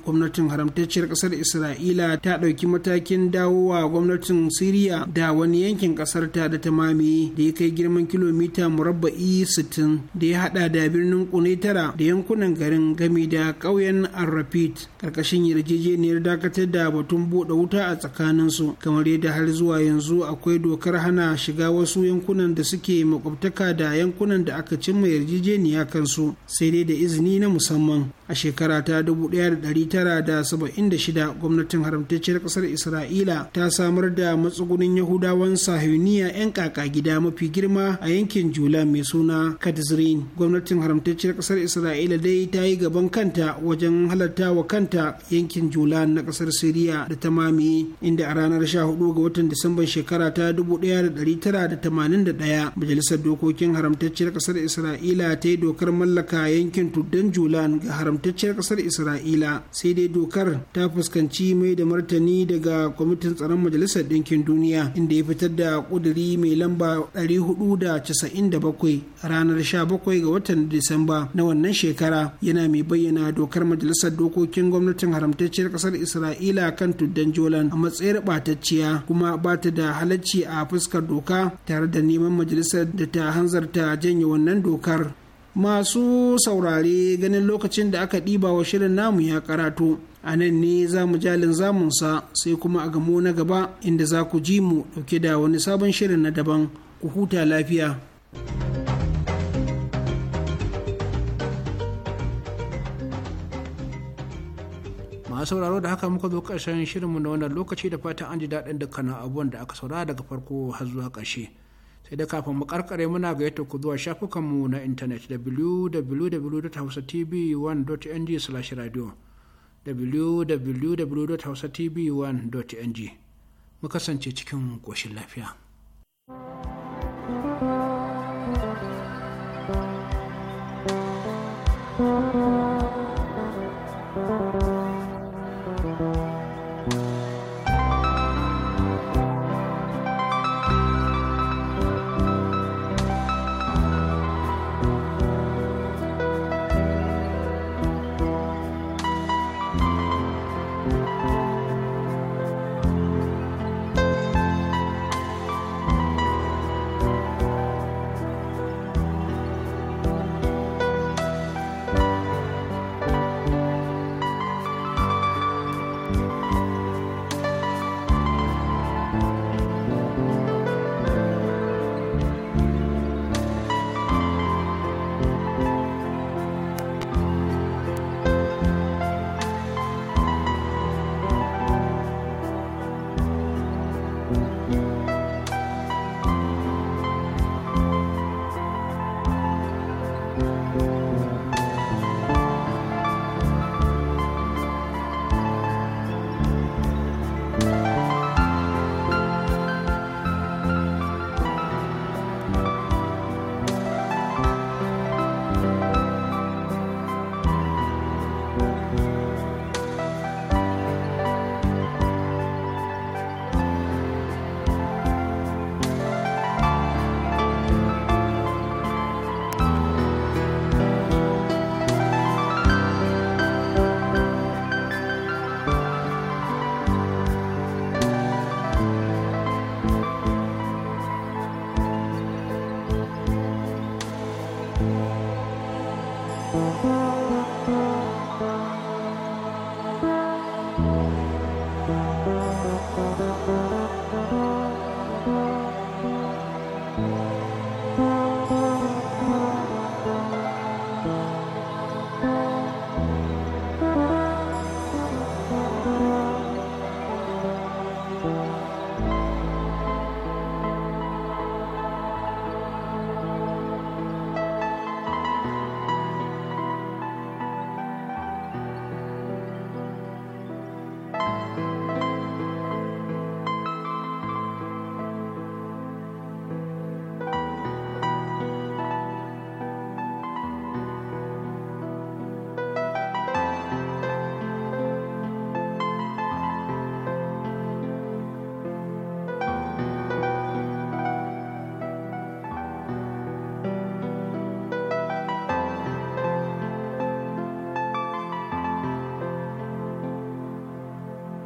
gwamnatin haramtacciyar kasar isra'ila ta ɗauki matakin dawowa gwamnatin siriya da wani yankin kasar ta da ta mamaye da ya kai girman kilomita murabba'i 60 da ya hada da birnin kune tara da yankunan garin gami da ƙauyen arrafit karkashin yarjejeniyar dakatar da batun buɗe wuta a tsakanin su kamar yadda har zuwa yanzu akwai dokar hana shiga wasu yankunan da suke makwabtaka da yankunan da aka cimma yarjejeniya kansu sai dai da izini na na musamman a shekara ta 1976 gwamnatin haramtacciyar ƙasar isra'ila ta samar da matsugunin yahudawan Sahuniya 'yan kaka gida mafi girma a yankin jula mai suna Katzrin. gwamnatin haramtacciyar ƙasar isra'ila dai ta yi gaban kanta wajen halatta wa kanta yankin jula na ƙasar siriya da ta mamaye inda a ranar 14 ga watan disamban shekara ta 1981 majalisar dokokin haramtacciyar ƙasar isra'ila ta yi dokar mallaka yankin tuddan julan ga haram haramtacciyar kasar isra'ila sai dai dokar ta fuskanci mai da martani daga kwamitin tsaron majalisar ɗinkin duniya inda ya fitar da ƙuduri mai lamba 497 ranar 17 ga watan disamba na wannan shekara yana mai bayyana dokar majalisar dokokin gwamnatin haramtacciyar kasar isra'ila kan tuddan jolan a matsayar batacciya kuma ba ta da halacci a fuskar doka tare da neman majalisar da ta hanzarta janye wannan dokar masu saurare ganin lokacin da aka ɗiba wa shirin namu ya karatu a nan ne za mu jalin zamunsa sai kuma a gamo na gaba inda za ku ji mu ɗauke da wani sabon shirin na daban ku huta lafiya. masu sauraro da haka muka zo ƙarshen shirinmu na wannan lokaci da fatan an ji daɗin dukkanin abubuwan da aka saurara daga farko har zuwa ƙarshe. sai da kafin mu karkare muna gayyata ku zuwa shafukanmu na intanet www.hausatv1.ng/radio www.hausatv1.ng mu kasance cikin koshin lafiya. thank you